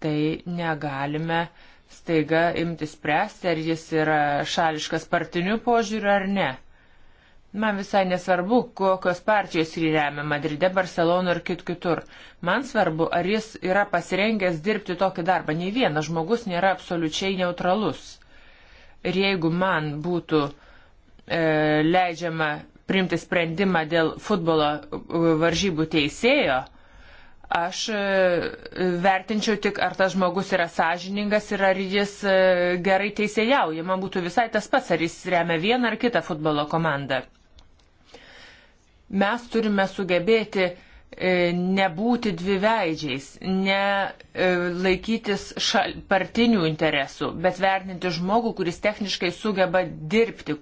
tai negalime staiga imti spręsti, ar jis yra šališkas partiniu požiūriu ar ne. Man visai nesvarbu, kokios partijos jį remia Madride, Barcelona ar kit kitur. Man svarbu, ar jis yra pasirengęs dirbti tokį darbą. Nei vienas žmogus nėra absoliučiai neutralus. Ir jeigu man būtų e, leidžiama priimti sprendimą dėl futbolo e, varžybų teisėjo, aš e, vertinčiau tik, ar tas žmogus yra sąžiningas ir ar jis e, gerai teisėjauja. Man būtų visai tas pats, ar jis remia vieną ar kitą futbolo komandą. Mes turime sugebėti e, nebūti dviveidžiais, nelaikytis e, partinių interesų, bet vertinti žmogų, kuris techniškai sugeba dirbti,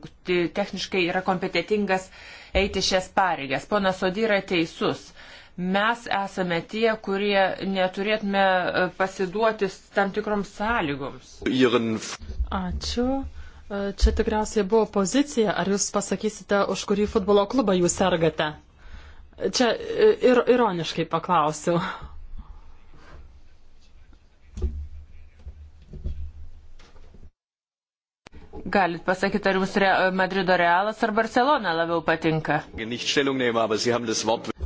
techniškai yra kompetitingas eiti šias pareigas. Pona Sodi yra teisus. Mes esame tie, kurie neturėtume e, pasiduoti tam tikroms sąlygoms. Ačiū. E, čia tikriausiai buvo pozicija, ar jūs pasakysite, už kurį futbolo klubą jūs sergate? Čia e, ir, ironiškai paklausiu. Galit pasakyti, ar jums re, Madrido Realas ar Barcelona labiau patinka?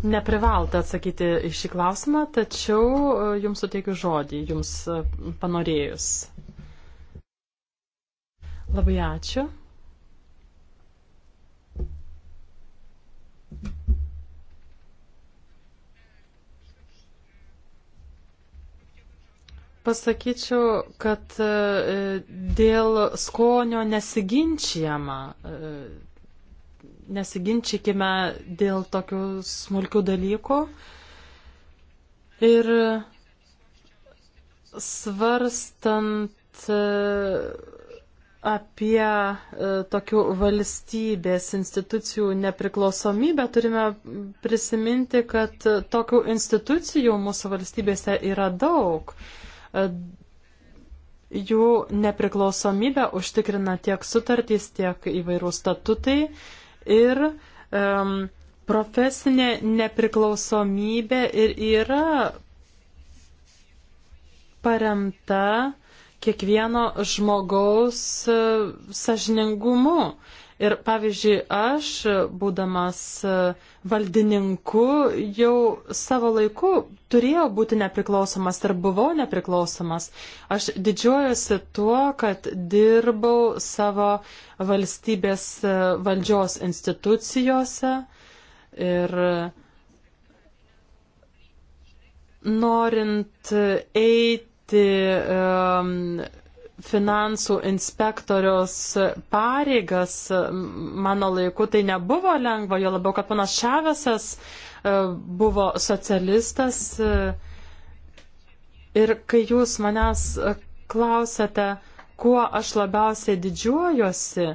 Neprivalote atsakyti į šį klausimą, tačiau e, jums suteikiu žodį, jums panorėjus. Labai ačiū. Pasakyčiau, kad e, dėl skonio nesiginčiama. E, nesiginčykime dėl tokių smulkių dalykų. Ir svarstant e, apie e, tokių valstybės institucijų nepriklausomybę, turime prisiminti, kad tokių institucijų mūsų valstybėse yra daug. E, jų nepriklausomybę užtikrina tiek sutartys, tiek įvairių statutai ir um, profesinė nepriklausomybė ir yra paremta kiekvieno žmogaus e, sažiningumu. Ir pavyzdžiui, aš, būdamas e, valdininku, jau savo laiku turėjau būti nepriklausomas ir buvau nepriklausomas. Aš didžiuojuosi tuo, kad dirbau savo valstybės e, valdžios institucijose ir norint eiti Ehm, finansų inspektoriaus pareigas mano laiku tai nebuvo lengva, jo labiau, kad panas Šavesas e, buvo socialistas. E, ir kai jūs manęs e, klausėte, kuo aš labiausiai didžiuojuosi,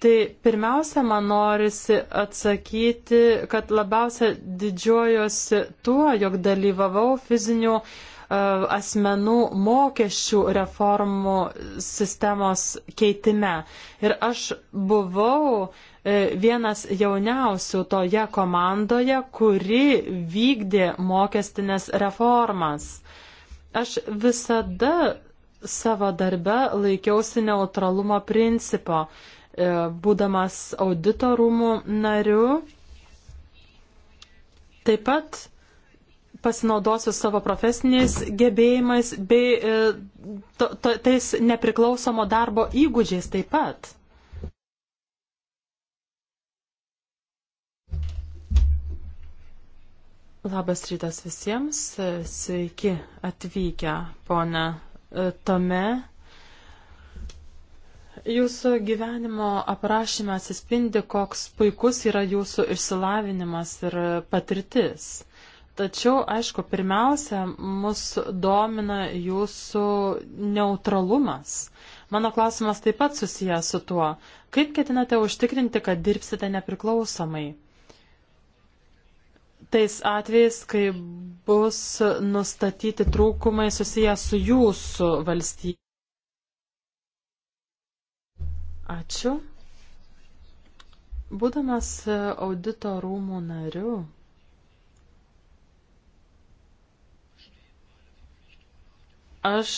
tai pirmiausia, man norisi atsakyti, kad labiausia didžiuojuosi tuo, jog dalyvavau fizinių uh, E, asmenų mokesčių reformų sistemos keitime. Ir aš buvau e, vienas jauniausių toje komandoje, kuri vykdė mokestinės reformas. Aš visada savo darbe laikiausi neutralumo principo, e, būdamas auditorumų nariu. Taip pat pasinaudosiu savo profesiniais gebėjimais bei e, to, to, tais nepriklausomo darbo įgūdžiais taip pat. Labas rytas visiems, e, sveiki atvykę, ponė e, Tome. Jūsų gyvenimo aprašyme atsispindi, koks puikus yra jūsų išsilavinimas ir patirtis. Tačiau, aišku, pirmiausia, mus domina jūsų neutralumas. Mano klausimas taip pat susijęs su tuo, kaip ketinate užtikrinti, kad dirbsite nepriklausomai tais atvejais, kai bus nustatyti trūkumai susiję su jūsų valstybė. Ačiū. Būdamas audito rūmų nariu, aš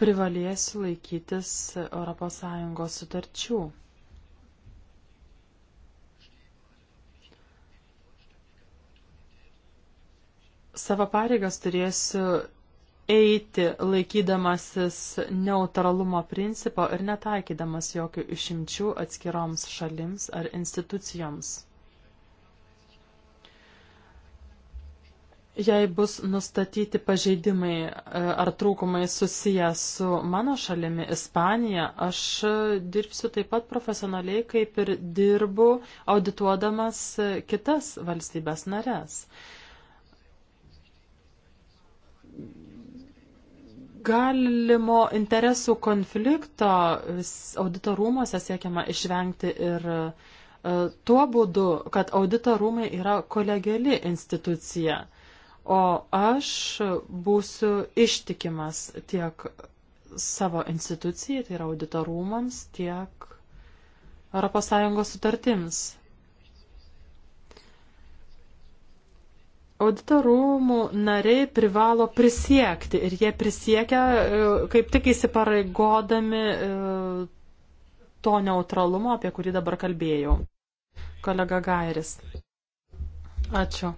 privalėsiu laikytis ES sutarčių. Savo pareigas turėsiu eiti laikydamasis neutralumo principo ir netaikydamas jokių išimčių atskiroms šalims ar institucijoms. Jei bus nustatyti pažeidimai e, ar trūkumai susiję su mano šalimi Ispanija, aš e, dirbsiu taip pat profesionaliai, kaip ir dirbu audituodamas e, kitas valstybės nares. galimo interesų konflikto audito rūmose siekiama išvengti ir tuo būdu, kad audito rūmai yra kolegiali institucija o aš būsiu ištikimas tiek savo institucijai, tai yra auditorumams, tiek ES sutartims. Auditorumų nariai privalo prisiekti ir jie prisiekia e, kaip tik įsipareigodami e, to neutralumo, apie kurį dabar kalbėjau. Kolega Gairis. Ačiū.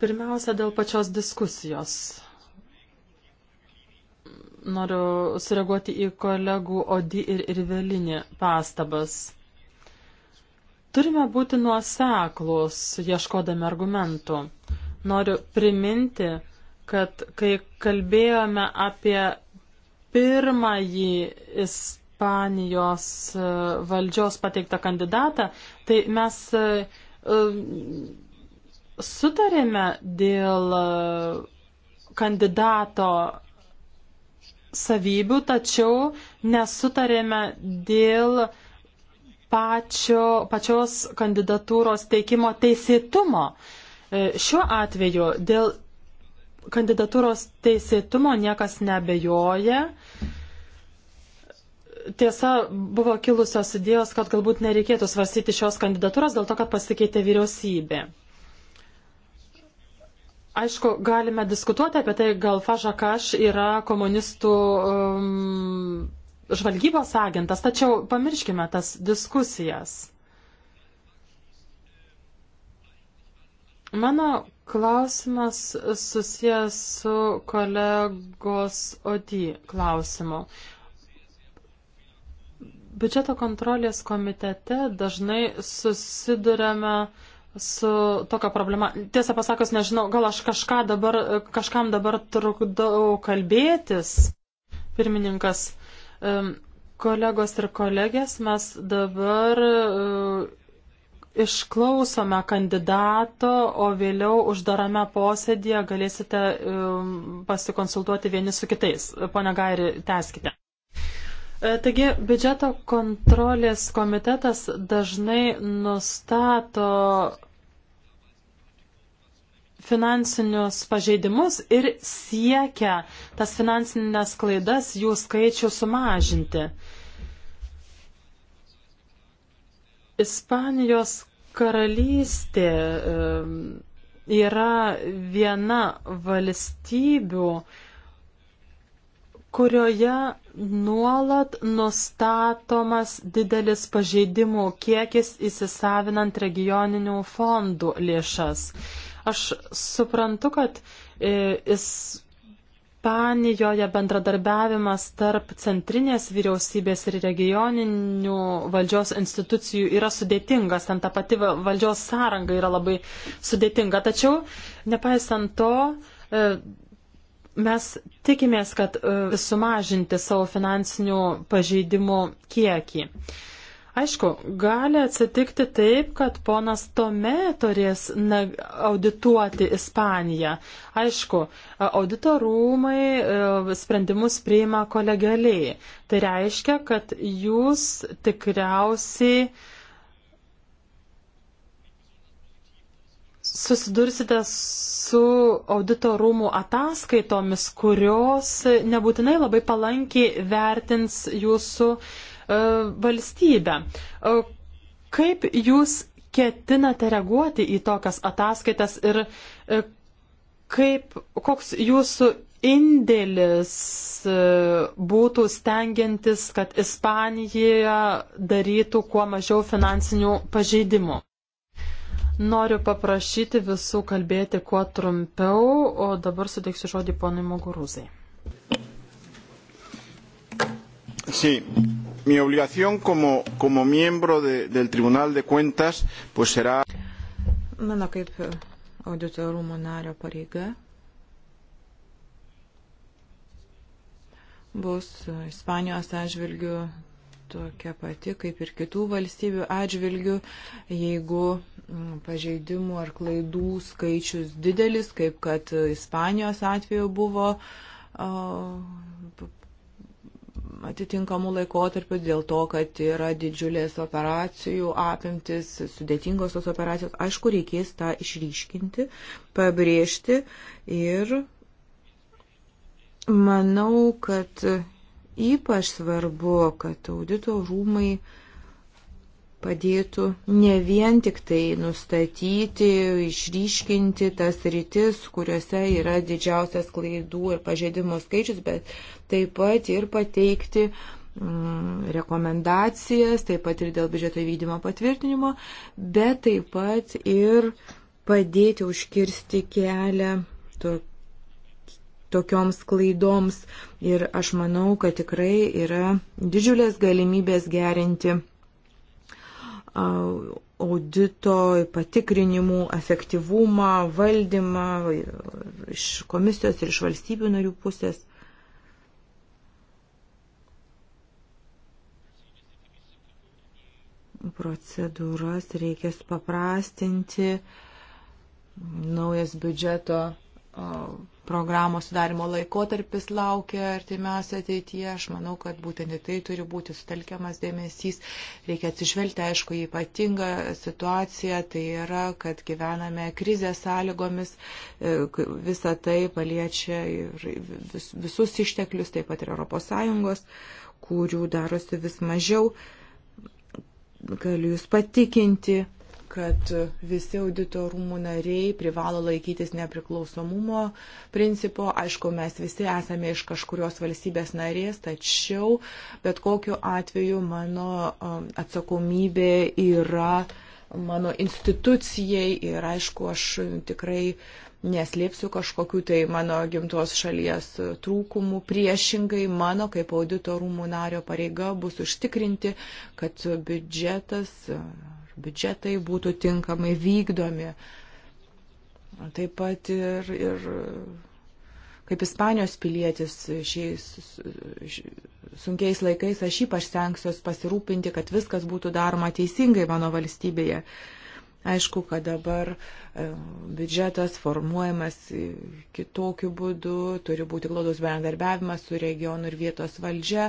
Pirmiausia, dėl pačios diskusijos. Noriu sureaguoti į kolegų Odi ir Irvelinį pastabas. Turime būti nuoseklus, ieškodami argumentų. Noriu priminti, kad kai kalbėjome apie pirmąjį Ispanijos e, valdžios pateiktą kandidatą, tai mes e, sutarėme dėl e, kandidato savybių, tačiau nesutarėme dėl pačio, pačios kandidatūros teikimo teisėtumo. E, šiuo atveju dėl kandidatūros teisėtumo niekas nebejoja. Tiesa, buvo kilusios idėjos, kad galbūt nereikėtų svarstyti šios kandidatūros dėl to, kad pasikeitė vyriausybė. Aišku, galime diskutuoti apie tai, gal Fažakaš yra komunistų um, žvalgybos agentas, tačiau pamirškime tas diskusijas. Mano klausimas susijęs su kolegos Odi klausimu. Biudžeto kontrolės komitete dažnai susidurėme uh, su tokia problema. Tiesą pasakius, nežinau, gal aš kažką dabar, kažkam dabar trukdau kalbėtis, pirmininkas. Kolegos ir kolegės, mes dabar e, išklausome kandidato, o vėliau uždarame posėdėje galėsite pasikonsultuoti vieni su kitais. Pone Gairi, teskite. E, taigi, biudžeto kontrolės komitetas dažnai nustato finansinius pažeidimus ir siekia tas finansinės klaidas jų skaičių sumažinti. Ispanijos karalystė e, yra viena valstybių, kurioje nuolat nustatomas didelis pažeidimų kiekis įsisavinant regioninių fondų lėšas. Aš suprantu, kad e, Ispanijoje bendradarbiavimas tarp centrinės vyriausybės ir regioninių valdžios institucijų yra sudėtingas, ten ta pati valdžios sąranga yra labai sudėtinga. Tačiau, nepaisant to, e, Mes tikimės, kad e, sumažinti savo finansinių pažeidimų kiekį. Aišku, gali atsitikti taip, kad ponas Tome turės audituoti Ispaniją. Aišku, e, audito rūmai e, sprendimus priima kolegialiai. Tai reiškia, kad jūs tikriausiai uh, susidursite su audito rūmų ataskaitomis, kurios nebūtinai labai palankiai vertins jūsų e, valstybę. E, kaip jūs ketinate reaguoti į tokias ataskaitas ir e, kaip, koks jūsų indėlis būtų stengiantis, kad Ispanija darytų kuo mažiau finansinių pažeidimų? Noriu paprašyti visų kalbėti kuo trumpiau, o dabar suteiksiu žodį ponui Moguruzai. Sí. Mi obligación como, como miembro de, del Tribunal de Cuentas pues será. Mano kaip audito rūmų nario pareiga bus Ispanijos atžvilgių tokia pati kaip ir kitų valstybių atžvilgių, jeigu mm, pažeidimų ar klaidų skaičius didelis, kaip kad Ispanijos atveju buvo atitinkamų laikotarpių dėl to, kad yra didžiulės operacijų apimtis, sudėtingos tos operacijos. Aišku, reikės tą išryškinti, pabrėžti ir manau, kad Ypač svarbu, kad audito rūmai padėtų ne vien tik tai nustatyti, išryškinti tas rytis, kuriuose yra didžiausias klaidų ir pažeidimo skaičius, bet taip pat ir pateikti mm, rekomendacijas, taip pat ir dėl biudžeto įvykdymo patvirtinimo, bet taip pat ir padėti užkirsti kelią to, tokioms klaidoms ir aš manau, kad tikrai yra didžiulės galimybės gerinti audito patikrinimų efektyvumą, valdymą iš komisijos ir iš valstybių narių pusės. Procedūras reikės paprastinti, naujas biudžeto programos sudarimo laikotarpis laukia artimiausia ateityje. Aš manau, kad būtent į tai turi būti sutelkiamas dėmesys. Reikia atsižvelgti, aišku, į ypatingą situaciją, tai yra, kad gyvename krizės sąlygomis, e, visa tai paliečia ir vis, visus išteklius, taip pat ir ES, kurių darosi vis mažiau. Galiu Jūs patikinti, kad visi audito rūmų nariai privalo laikytis nepriklausomumo principo. Aišku, mes visi esame iš kažkurios valstybės narės, tačiau bet kokiu atveju mano um, atsakomybė yra mano institucijai ir aišku, aš tikrai neslėpsiu kažkokių tai mano gimtos šalies trūkumų. Priešingai, mano kaip audito rūmų nario pareiga bus užtikrinti, kad biudžetas biudžetai būtų tinkamai vykdomi. Taip pat ir, ir kaip Ispanijos pilietis šiais sunkiais laikais aš ypač stengsiuos pasirūpinti, kad viskas būtų daroma teisingai mano valstybėje. Uh, Aišku, kad dabar e, biudžetas formuojamas kitokiu būdu, turi būti glaudus bendarbiavimas su regionu ir vietos valdžia,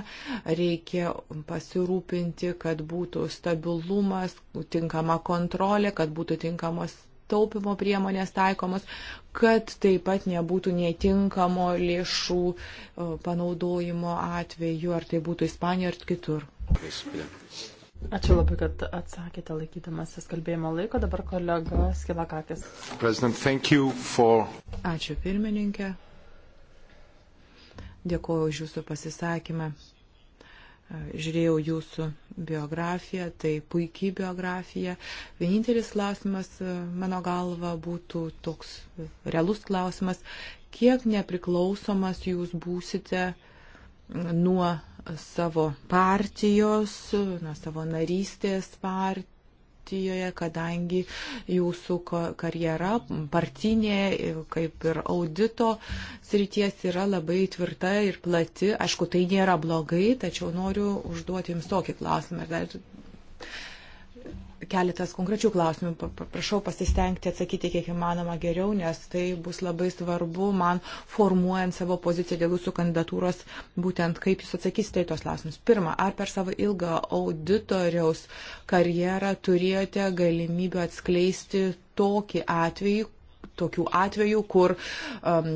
reikia pasirūpinti, kad būtų stabilumas, tinkama kontrolė, kad būtų tinkamos taupimo priemonės taikomos, kad taip pat nebūtų netinkamo lėšų e, panaudojimo atveju, ar tai būtų Ispanijoje ar kitur. Yes, yeah. Ačiū labai, kad atsakėte laikydamasis kalbėjimo laiko. Dabar kolega Skilakakis. For... Ačiū pirmininkė. Dėkuoju už jūsų pasisakymą. Žiūrėjau jūsų biografiją, tai puikiai biografija. Vienintelis klausimas, e, mano galva, būtų toks realus klausimas, kiek nepriklausomas jūs būsite nuo savo partijos, nuo savo narystės partijos partijoje, kadangi jūsų karjera partinė, kaip ir audito srities yra labai tvirta ir plati. Aišku, tai nėra blogai, tačiau noriu užduoti Jums tokį klausimą. Dar keletas konkrečių klausimų. Prašau pasistengti atsakyti kiek įmanoma geriau, nes tai bus labai svarbu man formuojant savo poziciją dėl jūsų kandidatūros, būtent kaip jūs atsakysite į tos klausimus. Pirma, ar per savo ilgą auditoriaus karjerą turėjote galimybę atskleisti tokį atvejį, tokių atvejų, kur um,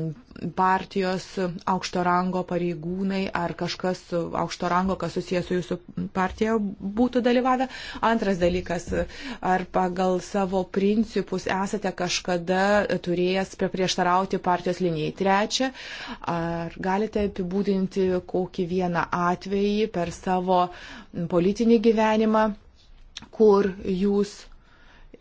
partijos aukšto rango pareigūnai ar kažkas aukšto rango, kas susijęs su jūsų partija, būtų dalyvavę. Antras dalykas, ar pagal savo principus esate kažkada turėjęs prieštarauti partijos linijai. Trečia, ar galite apibūdinti kokį vieną atvejį per savo politinį gyvenimą, kur jūs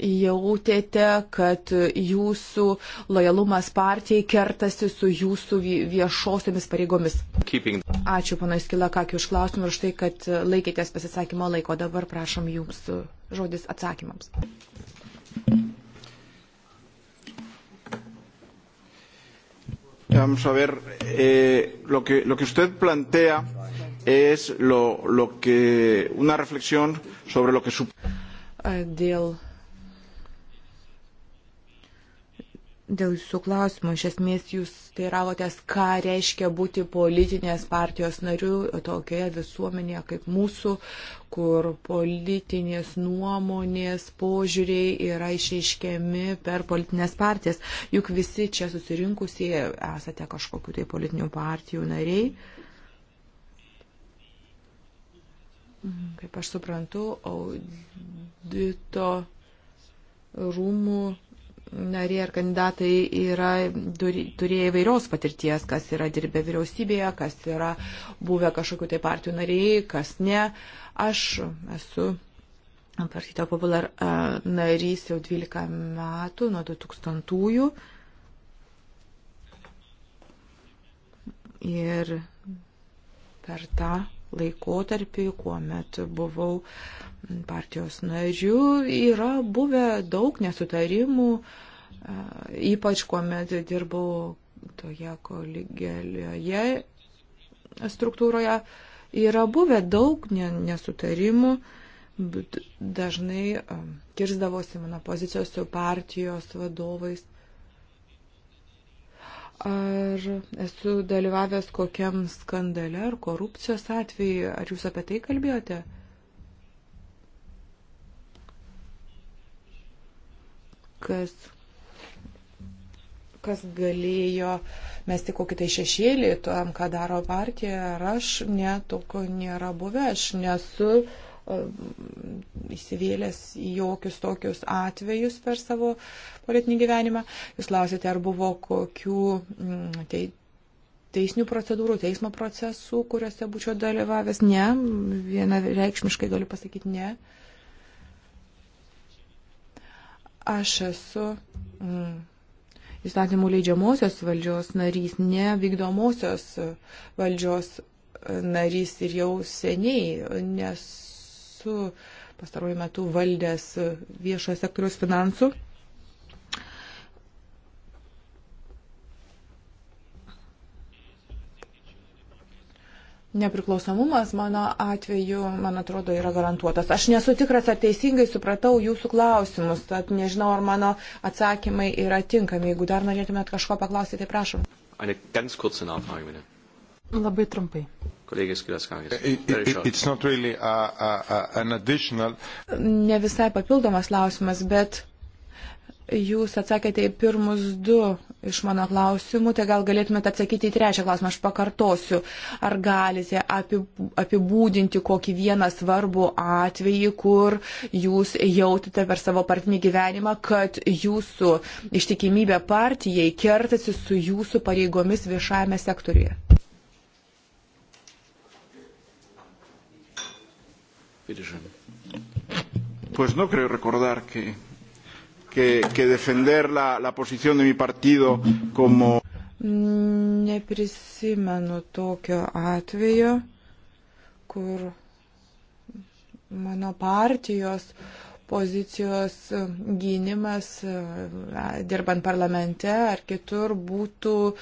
jautėte, kad jūsų lojalumas partijai kertasi su jūsų viešosiomis pareigomis? Keeping. Ačiū, panas Kilakakį, už klausimą ir už tai, kad laikėtės pasisakymo laiko. Dabar prašom jums žodis atsakymams. Vamos a ver, eh, lo, que, lo que usted plantea es lo, lo que, una reflexión sobre lo que supone. Dėl Dėl jūsų klausimo, iš esmės jūs teiravotės, ką reiškia būti politinės partijos nariu tokioje visuomenėje kaip mūsų, kur politinės nuomonės, požiūriai yra išreiškiami per politinės partijas. Juk visi čia susirinkusieji esate kažkokiu tai politinių partijų nariai. Kaip aš suprantu, audito rūmų nariai ar kandidatai yra turėję įvairios patirties, kas yra dirbę vyriausybėje, kas yra buvę kažkokiu tai partijų nariai, kas ne. Aš esu Partito Popular narys jau 12 metų, nuo 2000-ųjų. Ir per tą laikotarpį, kuomet buvau partijos nariu, yra buvę daug nesutarimų, e, ypač kuomet dirbau toje kolegialioje struktūroje. Yra buvę daug nesutarimų, dažnai e, kirzdavosi mano pozicijos su partijos vadovais. Ar esu dalyvavęs kokiam skandale ar korupcijos atveju? Ar jūs apie tai kalbėjote? Kas, kas galėjo mesti kokį tai šešėlį tam, ką daro partija, ar aš ne, tokio nėra buvę, aš nesu E, įsivėlęs į jokius tokius atvejus per savo politinį gyvenimą. Jūs klausėte, ar buvo kokių tai, teisinių procedūrų, teismo procesų, kuriuose būčiau dalyvavęs. Ne, viena reikšmiškai galiu pasakyti ne. Aš esu. Mm, įstatymų leidžiamosios valdžios narys, ne vykdomosios valdžios narys ir jau seniai nes esu pastaruoju metu valdęs viešojo sektoriaus finansų. Nepriklausomumas mano atveju, man atrodo, yra garantuotas. Aš nesu tikras, ar teisingai supratau jūsų klausimus, tad nežinau, ar mano atsakymai yra tinkami. Jeigu dar norėtumėt kažko paklausyti, tai prašom. Eine ganz kurze Nachfrage, bitte. Labai trumpai. Kolegės Kileskakis. Really additional... Ne visai papildomas klausimas, bet Jūs atsakėte į pirmus du iš mano klausimų, tai gal galėtumėte atsakyti į trečią klausimą, aš pakartosiu. Ar galite apibūdinti kokį vieną svarbų atvejį, kur jūs jautite per savo partinį gyvenimą, kad jūsų ištikimybė partijai kertasi su jūsų pareigomis viešajame sektoriuje? Pues no creo recordar que, que, que defender la, la posición de mi partido como. Neprisimenu tokio atvejo, kur mano partijos pozicijos gynimas, e, dirbant parlamente ar kitur, būtų uh,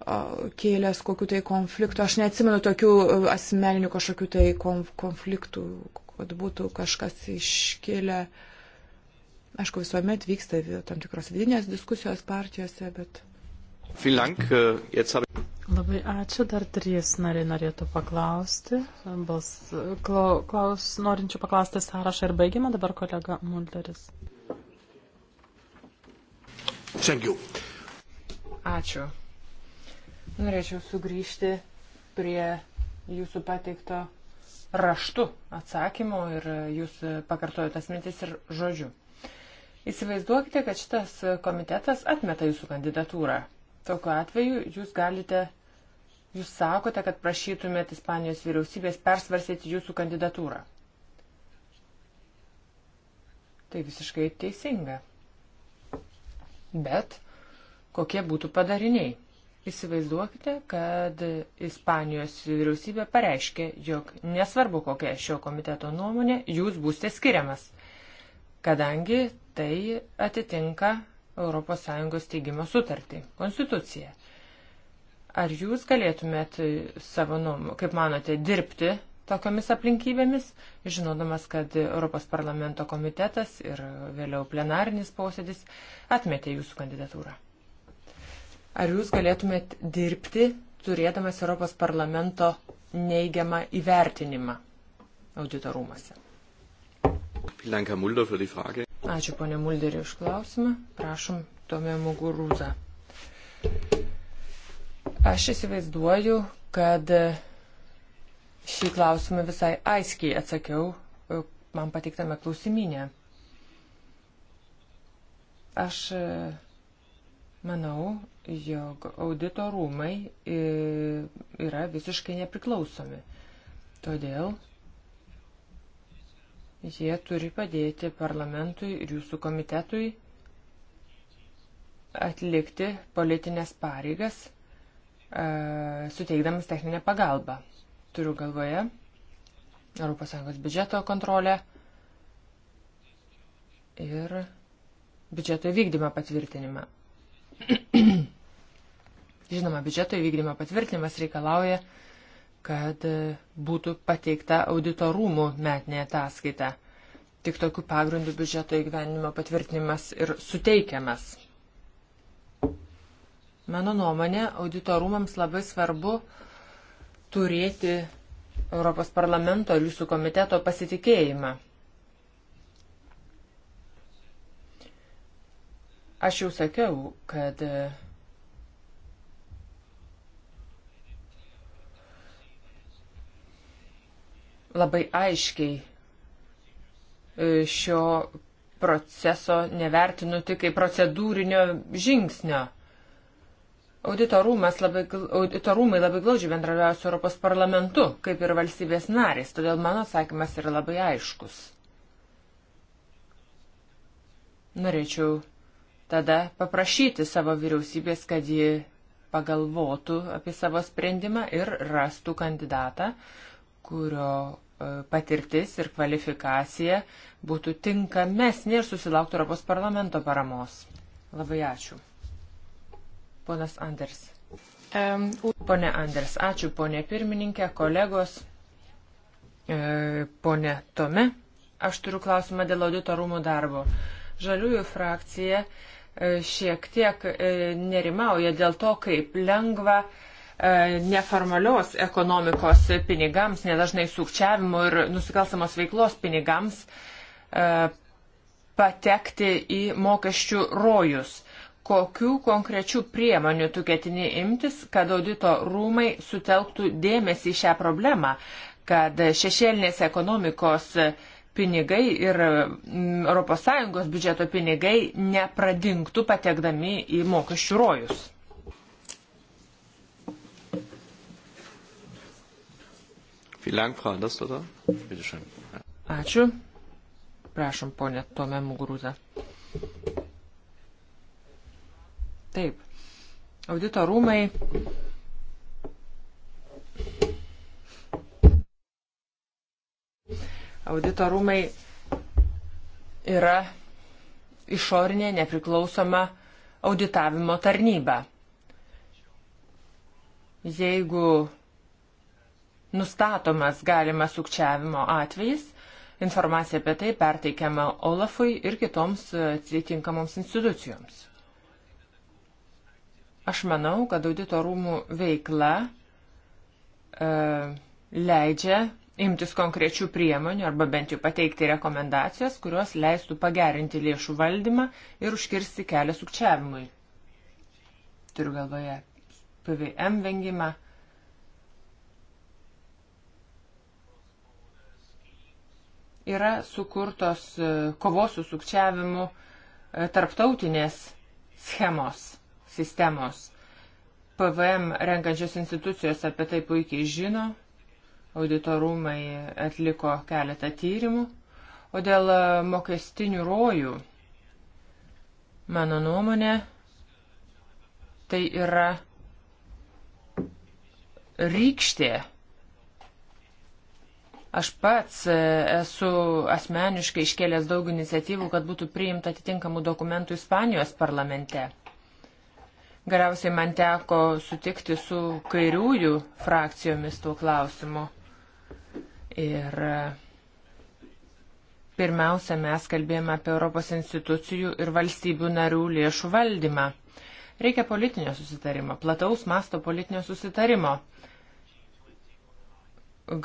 kėlęs kokiu tai konfliktu. Aš neatsimenu tokių e, asmeninių kažkokių tai konfliktų, kad būtų kažkas iškėlę. Aišku, visuomet vyksta tam tikros vidinės diskusijos partijose, bet. Äh, Labai ačiū. Dar trys nariai norėtų paklausti. Bals, klaus, norinčių paklausti sąrašą ir baigimą dabar kolega Mulderis. Ačiū. Norėčiau sugrįžti prie jūsų pateikto raštu atsakymo ir jūs pakartojo tas mintis ir žodžiu. Įsivaizduokite, kad šitas komitetas atmeta jūsų kandidatūrą. Tokiu atveju jūs galite, jūs sakote, kad prašytumėt Ispanijos vyriausybės persvarsyti jūsų kandidatūrą. Tai visiškai teisinga. Bet kokie būtų padariniai? Įsivaizduokite, kad Ispanijos vyriausybė pareiškė, jog nesvarbu kokia šio komiteto nuomonė, jūs būsite skiriamas, kadangi tai atitinka ES teigimo sutartį, konstituciją. Ar jūs galėtumėt savo nuomonę, kaip manote, dirbti tokiamis aplinkybėmis, žinodamas, kad Europos parlamento komitetas ir vėliau plenarinis posėdis atmetė jūsų kandidatūrą? Ar jūs galėtumėt dirbti, turėdamas Europos parlamento neigiamą įvertinimą auditorumuose? Ačiū ponė Mulderi už klausimą. Prašom, Tomė Mugurūza. Aš įsivaizduoju, kad šį klausimą visai aiškiai atsakiau e, man patiktame klausimynė. Aš e, Manau, jog audito rūmai e, yra visiškai nepriklausomi. Todėl jie turi padėti parlamentui ir jūsų komitetui atlikti politinės pareigas, e, suteikdamas techninę pagalbą. Turiu galvoje ES biudžeto kontrolę ir biudžeto vykdymo patvirtinimą. Žinoma, biudžeto įvykdymo patvirtinimas reikalauja, kad e, būtų pateikta auditorumų metinė ataskaita. Tik tokiu pagrindu biudžeto įgyvenimo patvirtinimas ir suteikiamas. Mano nuomonė, auditorumams labai svarbu turėti Europos parlamento ir jūsų komiteto pasitikėjimą. Aš jau sakiau, kad e, labai aiškiai e, šio proceso nevertinu tik kaip procedūrinio žingsnio. Auditorumai labai, auditorumai labai glaudžiai bendradarbiauja su Europos parlamentu, kaip ir valstybės narės, todėl mano atsakymas yra labai aiškus. Norėčiau tada paprašyti savo vyriausybės, kad ji pagalvotų apie savo sprendimą ir rastų kandidatą, kurio e, patirtis ir kvalifikacija būtų tinkamesnė ir susilauktų Europos parlamento paramos. Labai ačiū. Ponas Anders. Pone Anders, ačiū ponė pirmininkė, kolegos, e, ponė Tome. Aš turiu klausimą dėl auditorumų darbo. Žaliųjų frakcija E, šiek tiek e, nerimauja dėl to, kaip lengva e, neformalios ekonomikos pinigams, nedažnai sukčiavimo ir nusikalstamos veiklos pinigams patekti į mokesčių rojus. Kokių konkrečių priemonių tu ketini imtis, kad audito rūmai sutelktų dėmesį į šią problemą, kad šešėlinės ekonomikos pinigai ir mm, ES biudžeto pinigai nepradingtų patekdami į mokesčių rojus. Ačiū. Prašom, ponė Tome Mugrūza. Taip. Audito rūmai Auditorumai yra išorinė nepriklausoma auditavimo tarnyba. Jeigu nustatomas galimas sukčiavimo atvejis, informacija apie tai perteikiama Olafui ir kitoms e, atitinkamoms institucijoms. Aš manau, kad audito rūmų veikla e, leidžia imtis konkrečių priemonių arba bent jau pateikti rekomendacijas, kurios leistų pagerinti lėšų valdymą ir užkirsti kelią sukčiavimui. Turiu galvoje PVM vengimą. Yra sukurtos e, kovos su sukčiavimu e, tarptautinės schemos, sistemos. PVM renkančios institucijos apie tai puikiai žino, auditorumai atliko keletą tyrimų, o dėl e, mokestinių rojų, mano nuomonė, tai yra rykštė. Aš pats e, esu asmeniškai iškėlęs daug iniciatyvų, kad būtų priimta atitinkamų dokumentų Ispanijos parlamente. Galiausiai man teko sutikti su kairiųjų frakcijomis tuo klausimu. Ir e, pirmiausia, mes kalbėjome apie Europos institucijų ir valstybių narių lėšų valdymą. Reikia politinio susitarimo, plataus masto politinio susitarimo.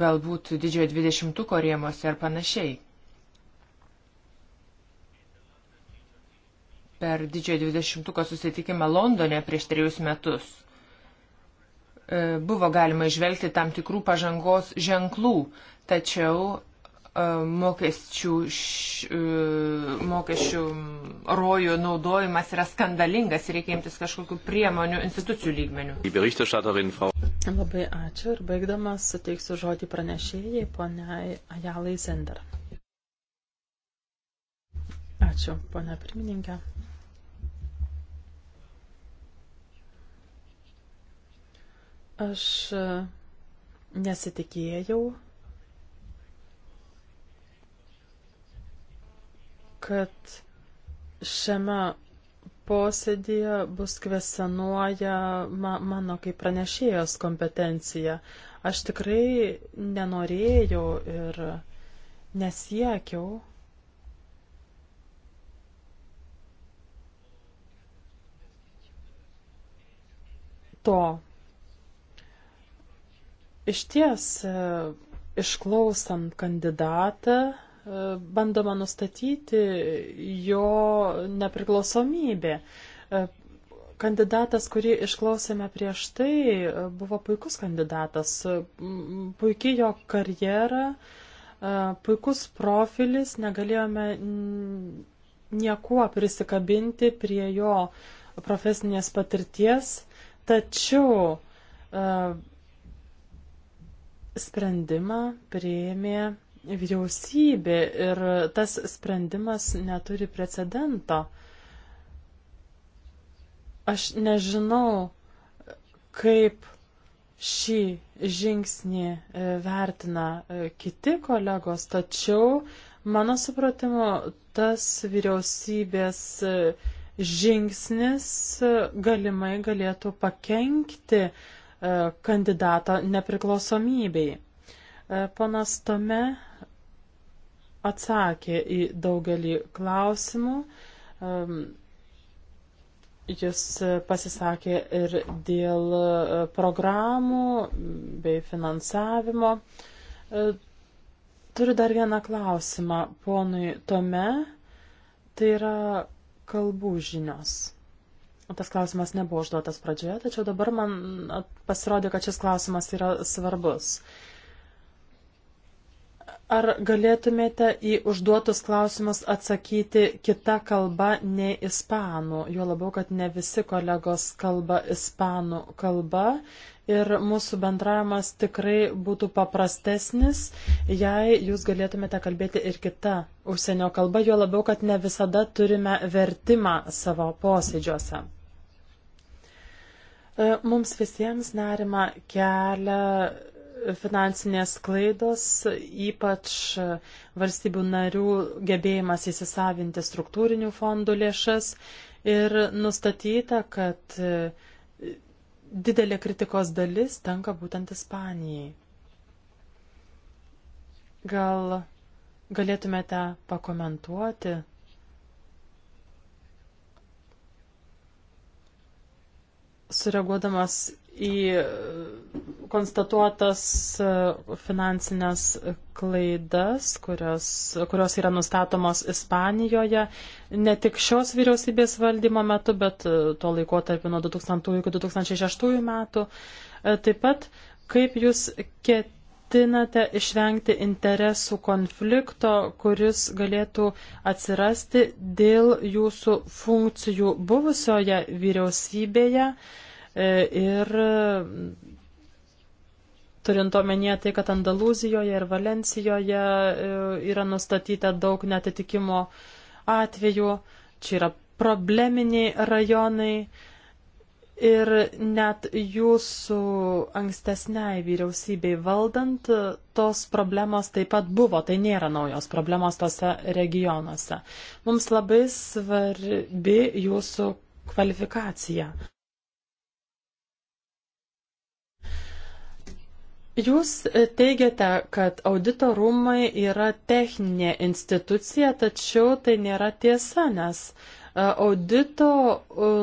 Galbūt didžiojo dvidešimtuko rėmose ar panašiai. Per didžiojo dvidešimtuko susitikimą Londone prieš trejus metus E, buvo galima išvelgti tam tikrų pažangos ženklų, tačiau e, mokesčių, š, e, mokesčių rojų naudojimas yra skandalingas ir reikia imtis kažkokių priemonių institucijų lygmenių. Labai ačiū ir baigdamas suteiksiu žodį pranešėjai, poniai Ajalai Zender. Ačiū, ponia pirmininkė. Aš e, nesitikėjau, kad šiame posėdėje bus kvesenuoja mano kaip pranešėjos kompetencija. Aš tikrai nenorėjau ir nesiekiau. To, Iš ties, e, išklausant kandidatą, e, bandoma nustatyti jo nepriklausomybė. E, kandidatas, kurį išklausėme prieš tai, buvo puikus kandidatas, puikiai jo karjera, puikus profilis, negalėjome niekuo prisikabinti prie jo profesinės patirties, tačiau sprendimą prieėmė vyriausybė ir tas sprendimas neturi precedento. Aš nežinau, kaip šį žingsnį e, vertina e, kiti kolegos, tačiau mano supratimu tas vyriausybės e, žingsnis galimai galėtų pakenkti uh, E, kandidatą nepriklausomybei. E, ponas Tome atsakė į daugelį klausimų. E, jis pasisakė ir dėl programų bei finansavimo. Turiu dar vieną klausimą ponui Tome. Tai yra kalbų žinios. Tas klausimas nebuvo užduotas pradžioje, tačiau dabar man pasirodė, kad šis klausimas yra svarbus. Ar galėtumėte į užduotus klausimus atsakyti kitą kalbą nei ispanų? Jo labiau, kad ne visi kolegos kalba ispanų kalba ir mūsų bendravimas tikrai būtų paprastesnis, jei jūs galėtumėte kalbėti ir kitą užsienio kalbą, jo labiau, kad ne visada turime vertimą savo posėdžiuose. E, mums visiems nerima kelia finansinės klaidos, ypač e, valstybių narių gebėjimas įsisavinti struktūrinių fondų lėšas ir nustatyta, kad e, didelė kritikos dalis tenka būtent Ispanijai. Gal galėtumėte pakomentuoti sureaguodamas į e, konstatuotas e, finansinės klaidas, kurios, kurios yra nustatomos Ispanijoje, ne tik šios vyriausybės valdymo metu, bet e, tuo laikotarpiu nuo 2000 iki 2006 metų. Taip pat, kaip jūs ketinate ketinate išvengti interesų konflikto, kuris galėtų atsirasti dėl jūsų funkcijų buvusioje vyriausybėje e, ir turint omenyje tai, kad Andalūzijoje ir Valencijoje e, yra nustatyta daug netitikimo atvejų, čia yra probleminiai rajonai. Ir net jūsų ankstesniai vyriausybei valdant, tos problemos taip pat buvo, tai nėra naujos problemos tose regionuose. Mums labai svarbi jūsų kvalifikacija. Jūs teigiate, kad audito rūmai yra techninė institucija, tačiau tai nėra tiesa, nes Audito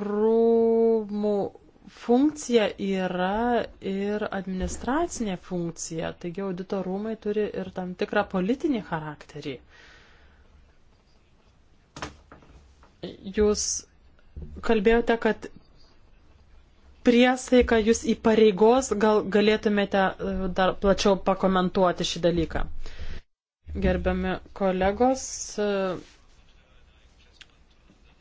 rūmų funkcija yra ir administracinė funkcija, taigi audito rūmai turi ir tam tikrą politinį charakterį. Jūs kalbėjote, kad priesaika jūs įpareigos, gal galėtumėte e, dar plačiau pakomentuoti šį dalyką. Gerbiami kolegos, e,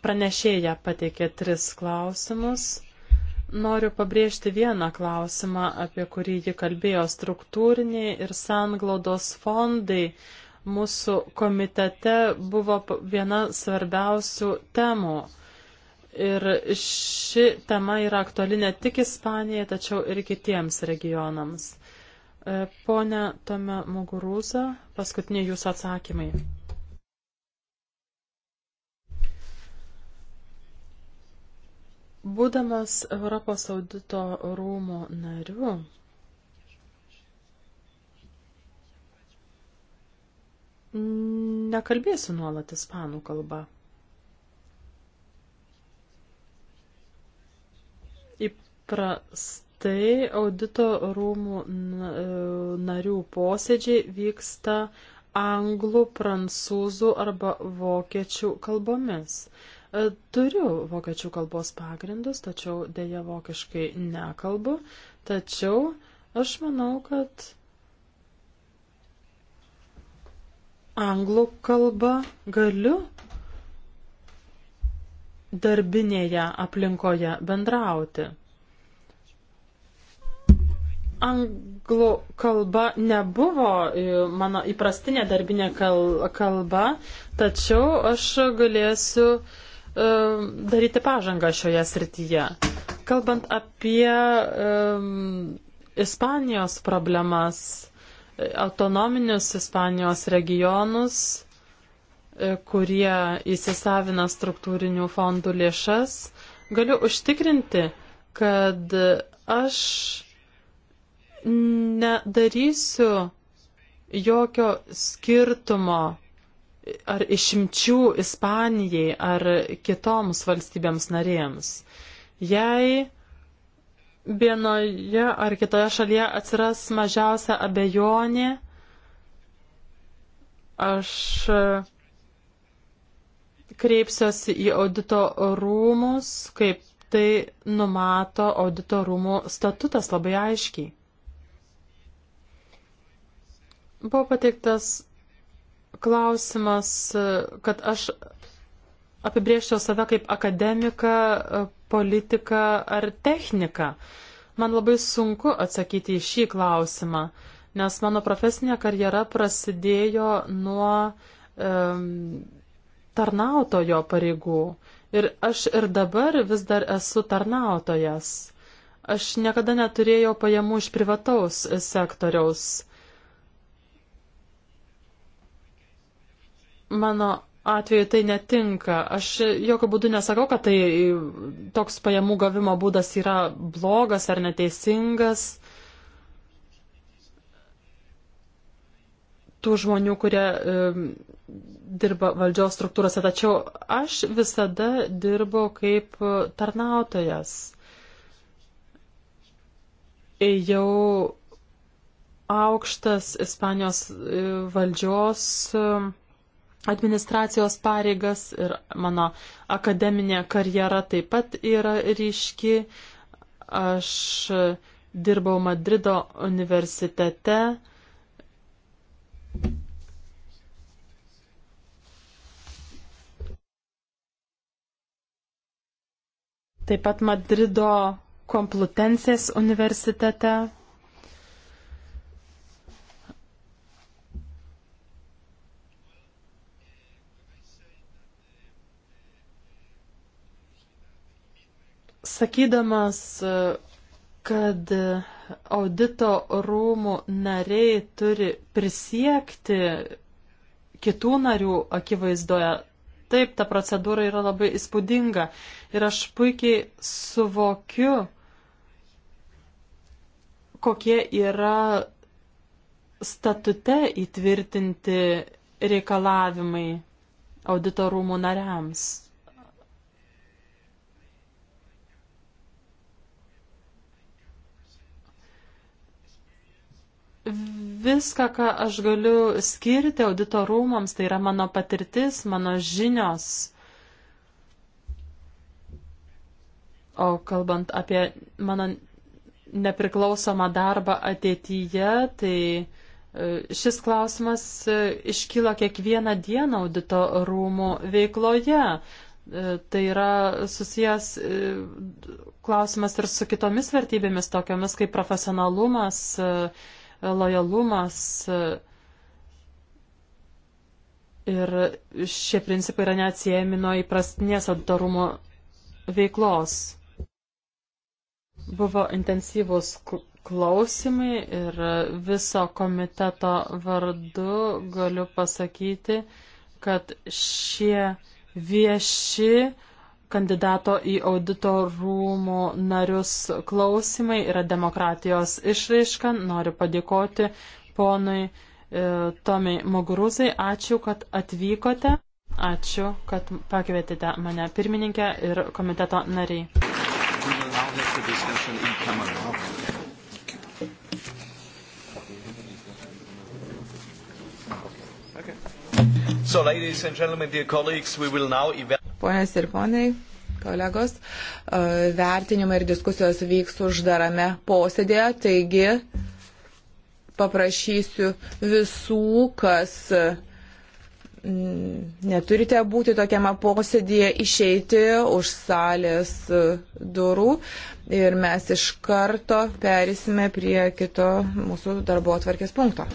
Pranešėja pateikė tris klausimus. Noriu pabrėžti vieną klausimą, apie kurį ji kalbėjo struktūriniai ir sanglaudos fondai. Mūsų komitete buvo viena svarbiausių temų. Ir ši tema yra aktuali ne tik Ispanijai, tačiau ir kitiems regionams. E, pone Tome Mugurūza, paskutiniai jūsų atsakymai. Būdamas Europos audito rūmų nariu, nekalbėsiu nuolat ispanų kalbą. Įprastai audito rūmų narių posėdžiai vyksta anglų, prancūzų arba vokiečių kalbomis. E, turiu vokiečių kalbos pagrindus, tačiau dėja vokiškai nekalbu. Tačiau aš manau, kad anglų kalbą galiu darbinėje aplinkoje bendrauti. Anglų kalba nebuvo mano įprastinė darbinė kalba, tačiau aš galėsiu uh, E, daryti pažangą šioje srityje. Kalbant apie um, Ispanijos problemas, e, autonominius Ispanijos regionus, kurie įsisavina struktūrinių fondų lėšas, galiu užtikrinti, kad aš nedarysiu jokio skirtumo ar išimčių Ispanijai ar kitoms valstybėms narėms. Jei vienoje ar kitoje šalyje atsiras mažiausia abejonė, aš e, kreipsiuosi į audito rūmus, kaip tai numato audito rūmų statutas labai aiškiai. Buvo pateiktas klausimas, kad aš apibrieščiau save kaip akademiką, politiką ar techniką. Man labai sunku atsakyti į šį klausimą, nes mano profesinė karjera prasidėjo nuo um, tarnautojo pareigų. Ir aš ir dabar vis dar esu tarnautojas. Aš niekada neturėjau pajamų iš privataus sektoriaus. Mano atveju tai netinka. Aš jokių būdų nesakau, kad tai toks pajamų gavimo būdas yra blogas ar neteisingas. Tų žmonių, kurie e, dirba valdžios struktūrose, tačiau aš visada dirbau kaip tarnautojas. Ėjau aukštas Ispanijos e, valdžios administracijos pareigas ir mano akademinė karjera taip pat yra ryški. Aš dirbau Madrido universitete. Taip pat Madrido Komplutensės universitete. sakydamas, kad audito rūmų nariai turi prisiekti kitų narių akivaizdoje. Taip, ta procedūra yra labai įspūdinga ir aš puikiai suvokiu, kokie yra statute įtvirtinti reikalavimai auditorumų nariams. viską, ką aš galiu skirti auditorumams, tai yra mano patirtis, mano žinios. O kalbant apie mano nepriklausomą darbą ateityje, tai e, šis klausimas e, iškyla kiekvieną dieną audito rūmų veikloje. E, tai yra susijęs klausimas ir su kitomis vertybėmis, tokiamis kaip profesionalumas, lojalumas ir šie principai yra neatsiejami nuo įprastinės santarumo veiklos. Buvo intensyvus klausimai ir viso komiteto vardu galiu pasakyti, kad šie vieši kandidato į audito rūmų narius klausimai yra demokratijos išraiška. Noriu padėkoti ponui e, Tomiai Moguruzai. Ačiū, kad atvykote. Ačiū, kad pakvietėte mane pirmininkę ir komiteto nariai. So, ladies and gentlemen, dear colleagues, we will now Ponios ir ponai, kolegos, e, vertinimai ir diskusijos vyks uždarame posėdėje, taigi paprašysiu visų, kas mm, neturite būti tokiame posėdėje, išeiti už salės durų ir mes iš karto perėsime prie kito mūsų darbo atvarkės punkto.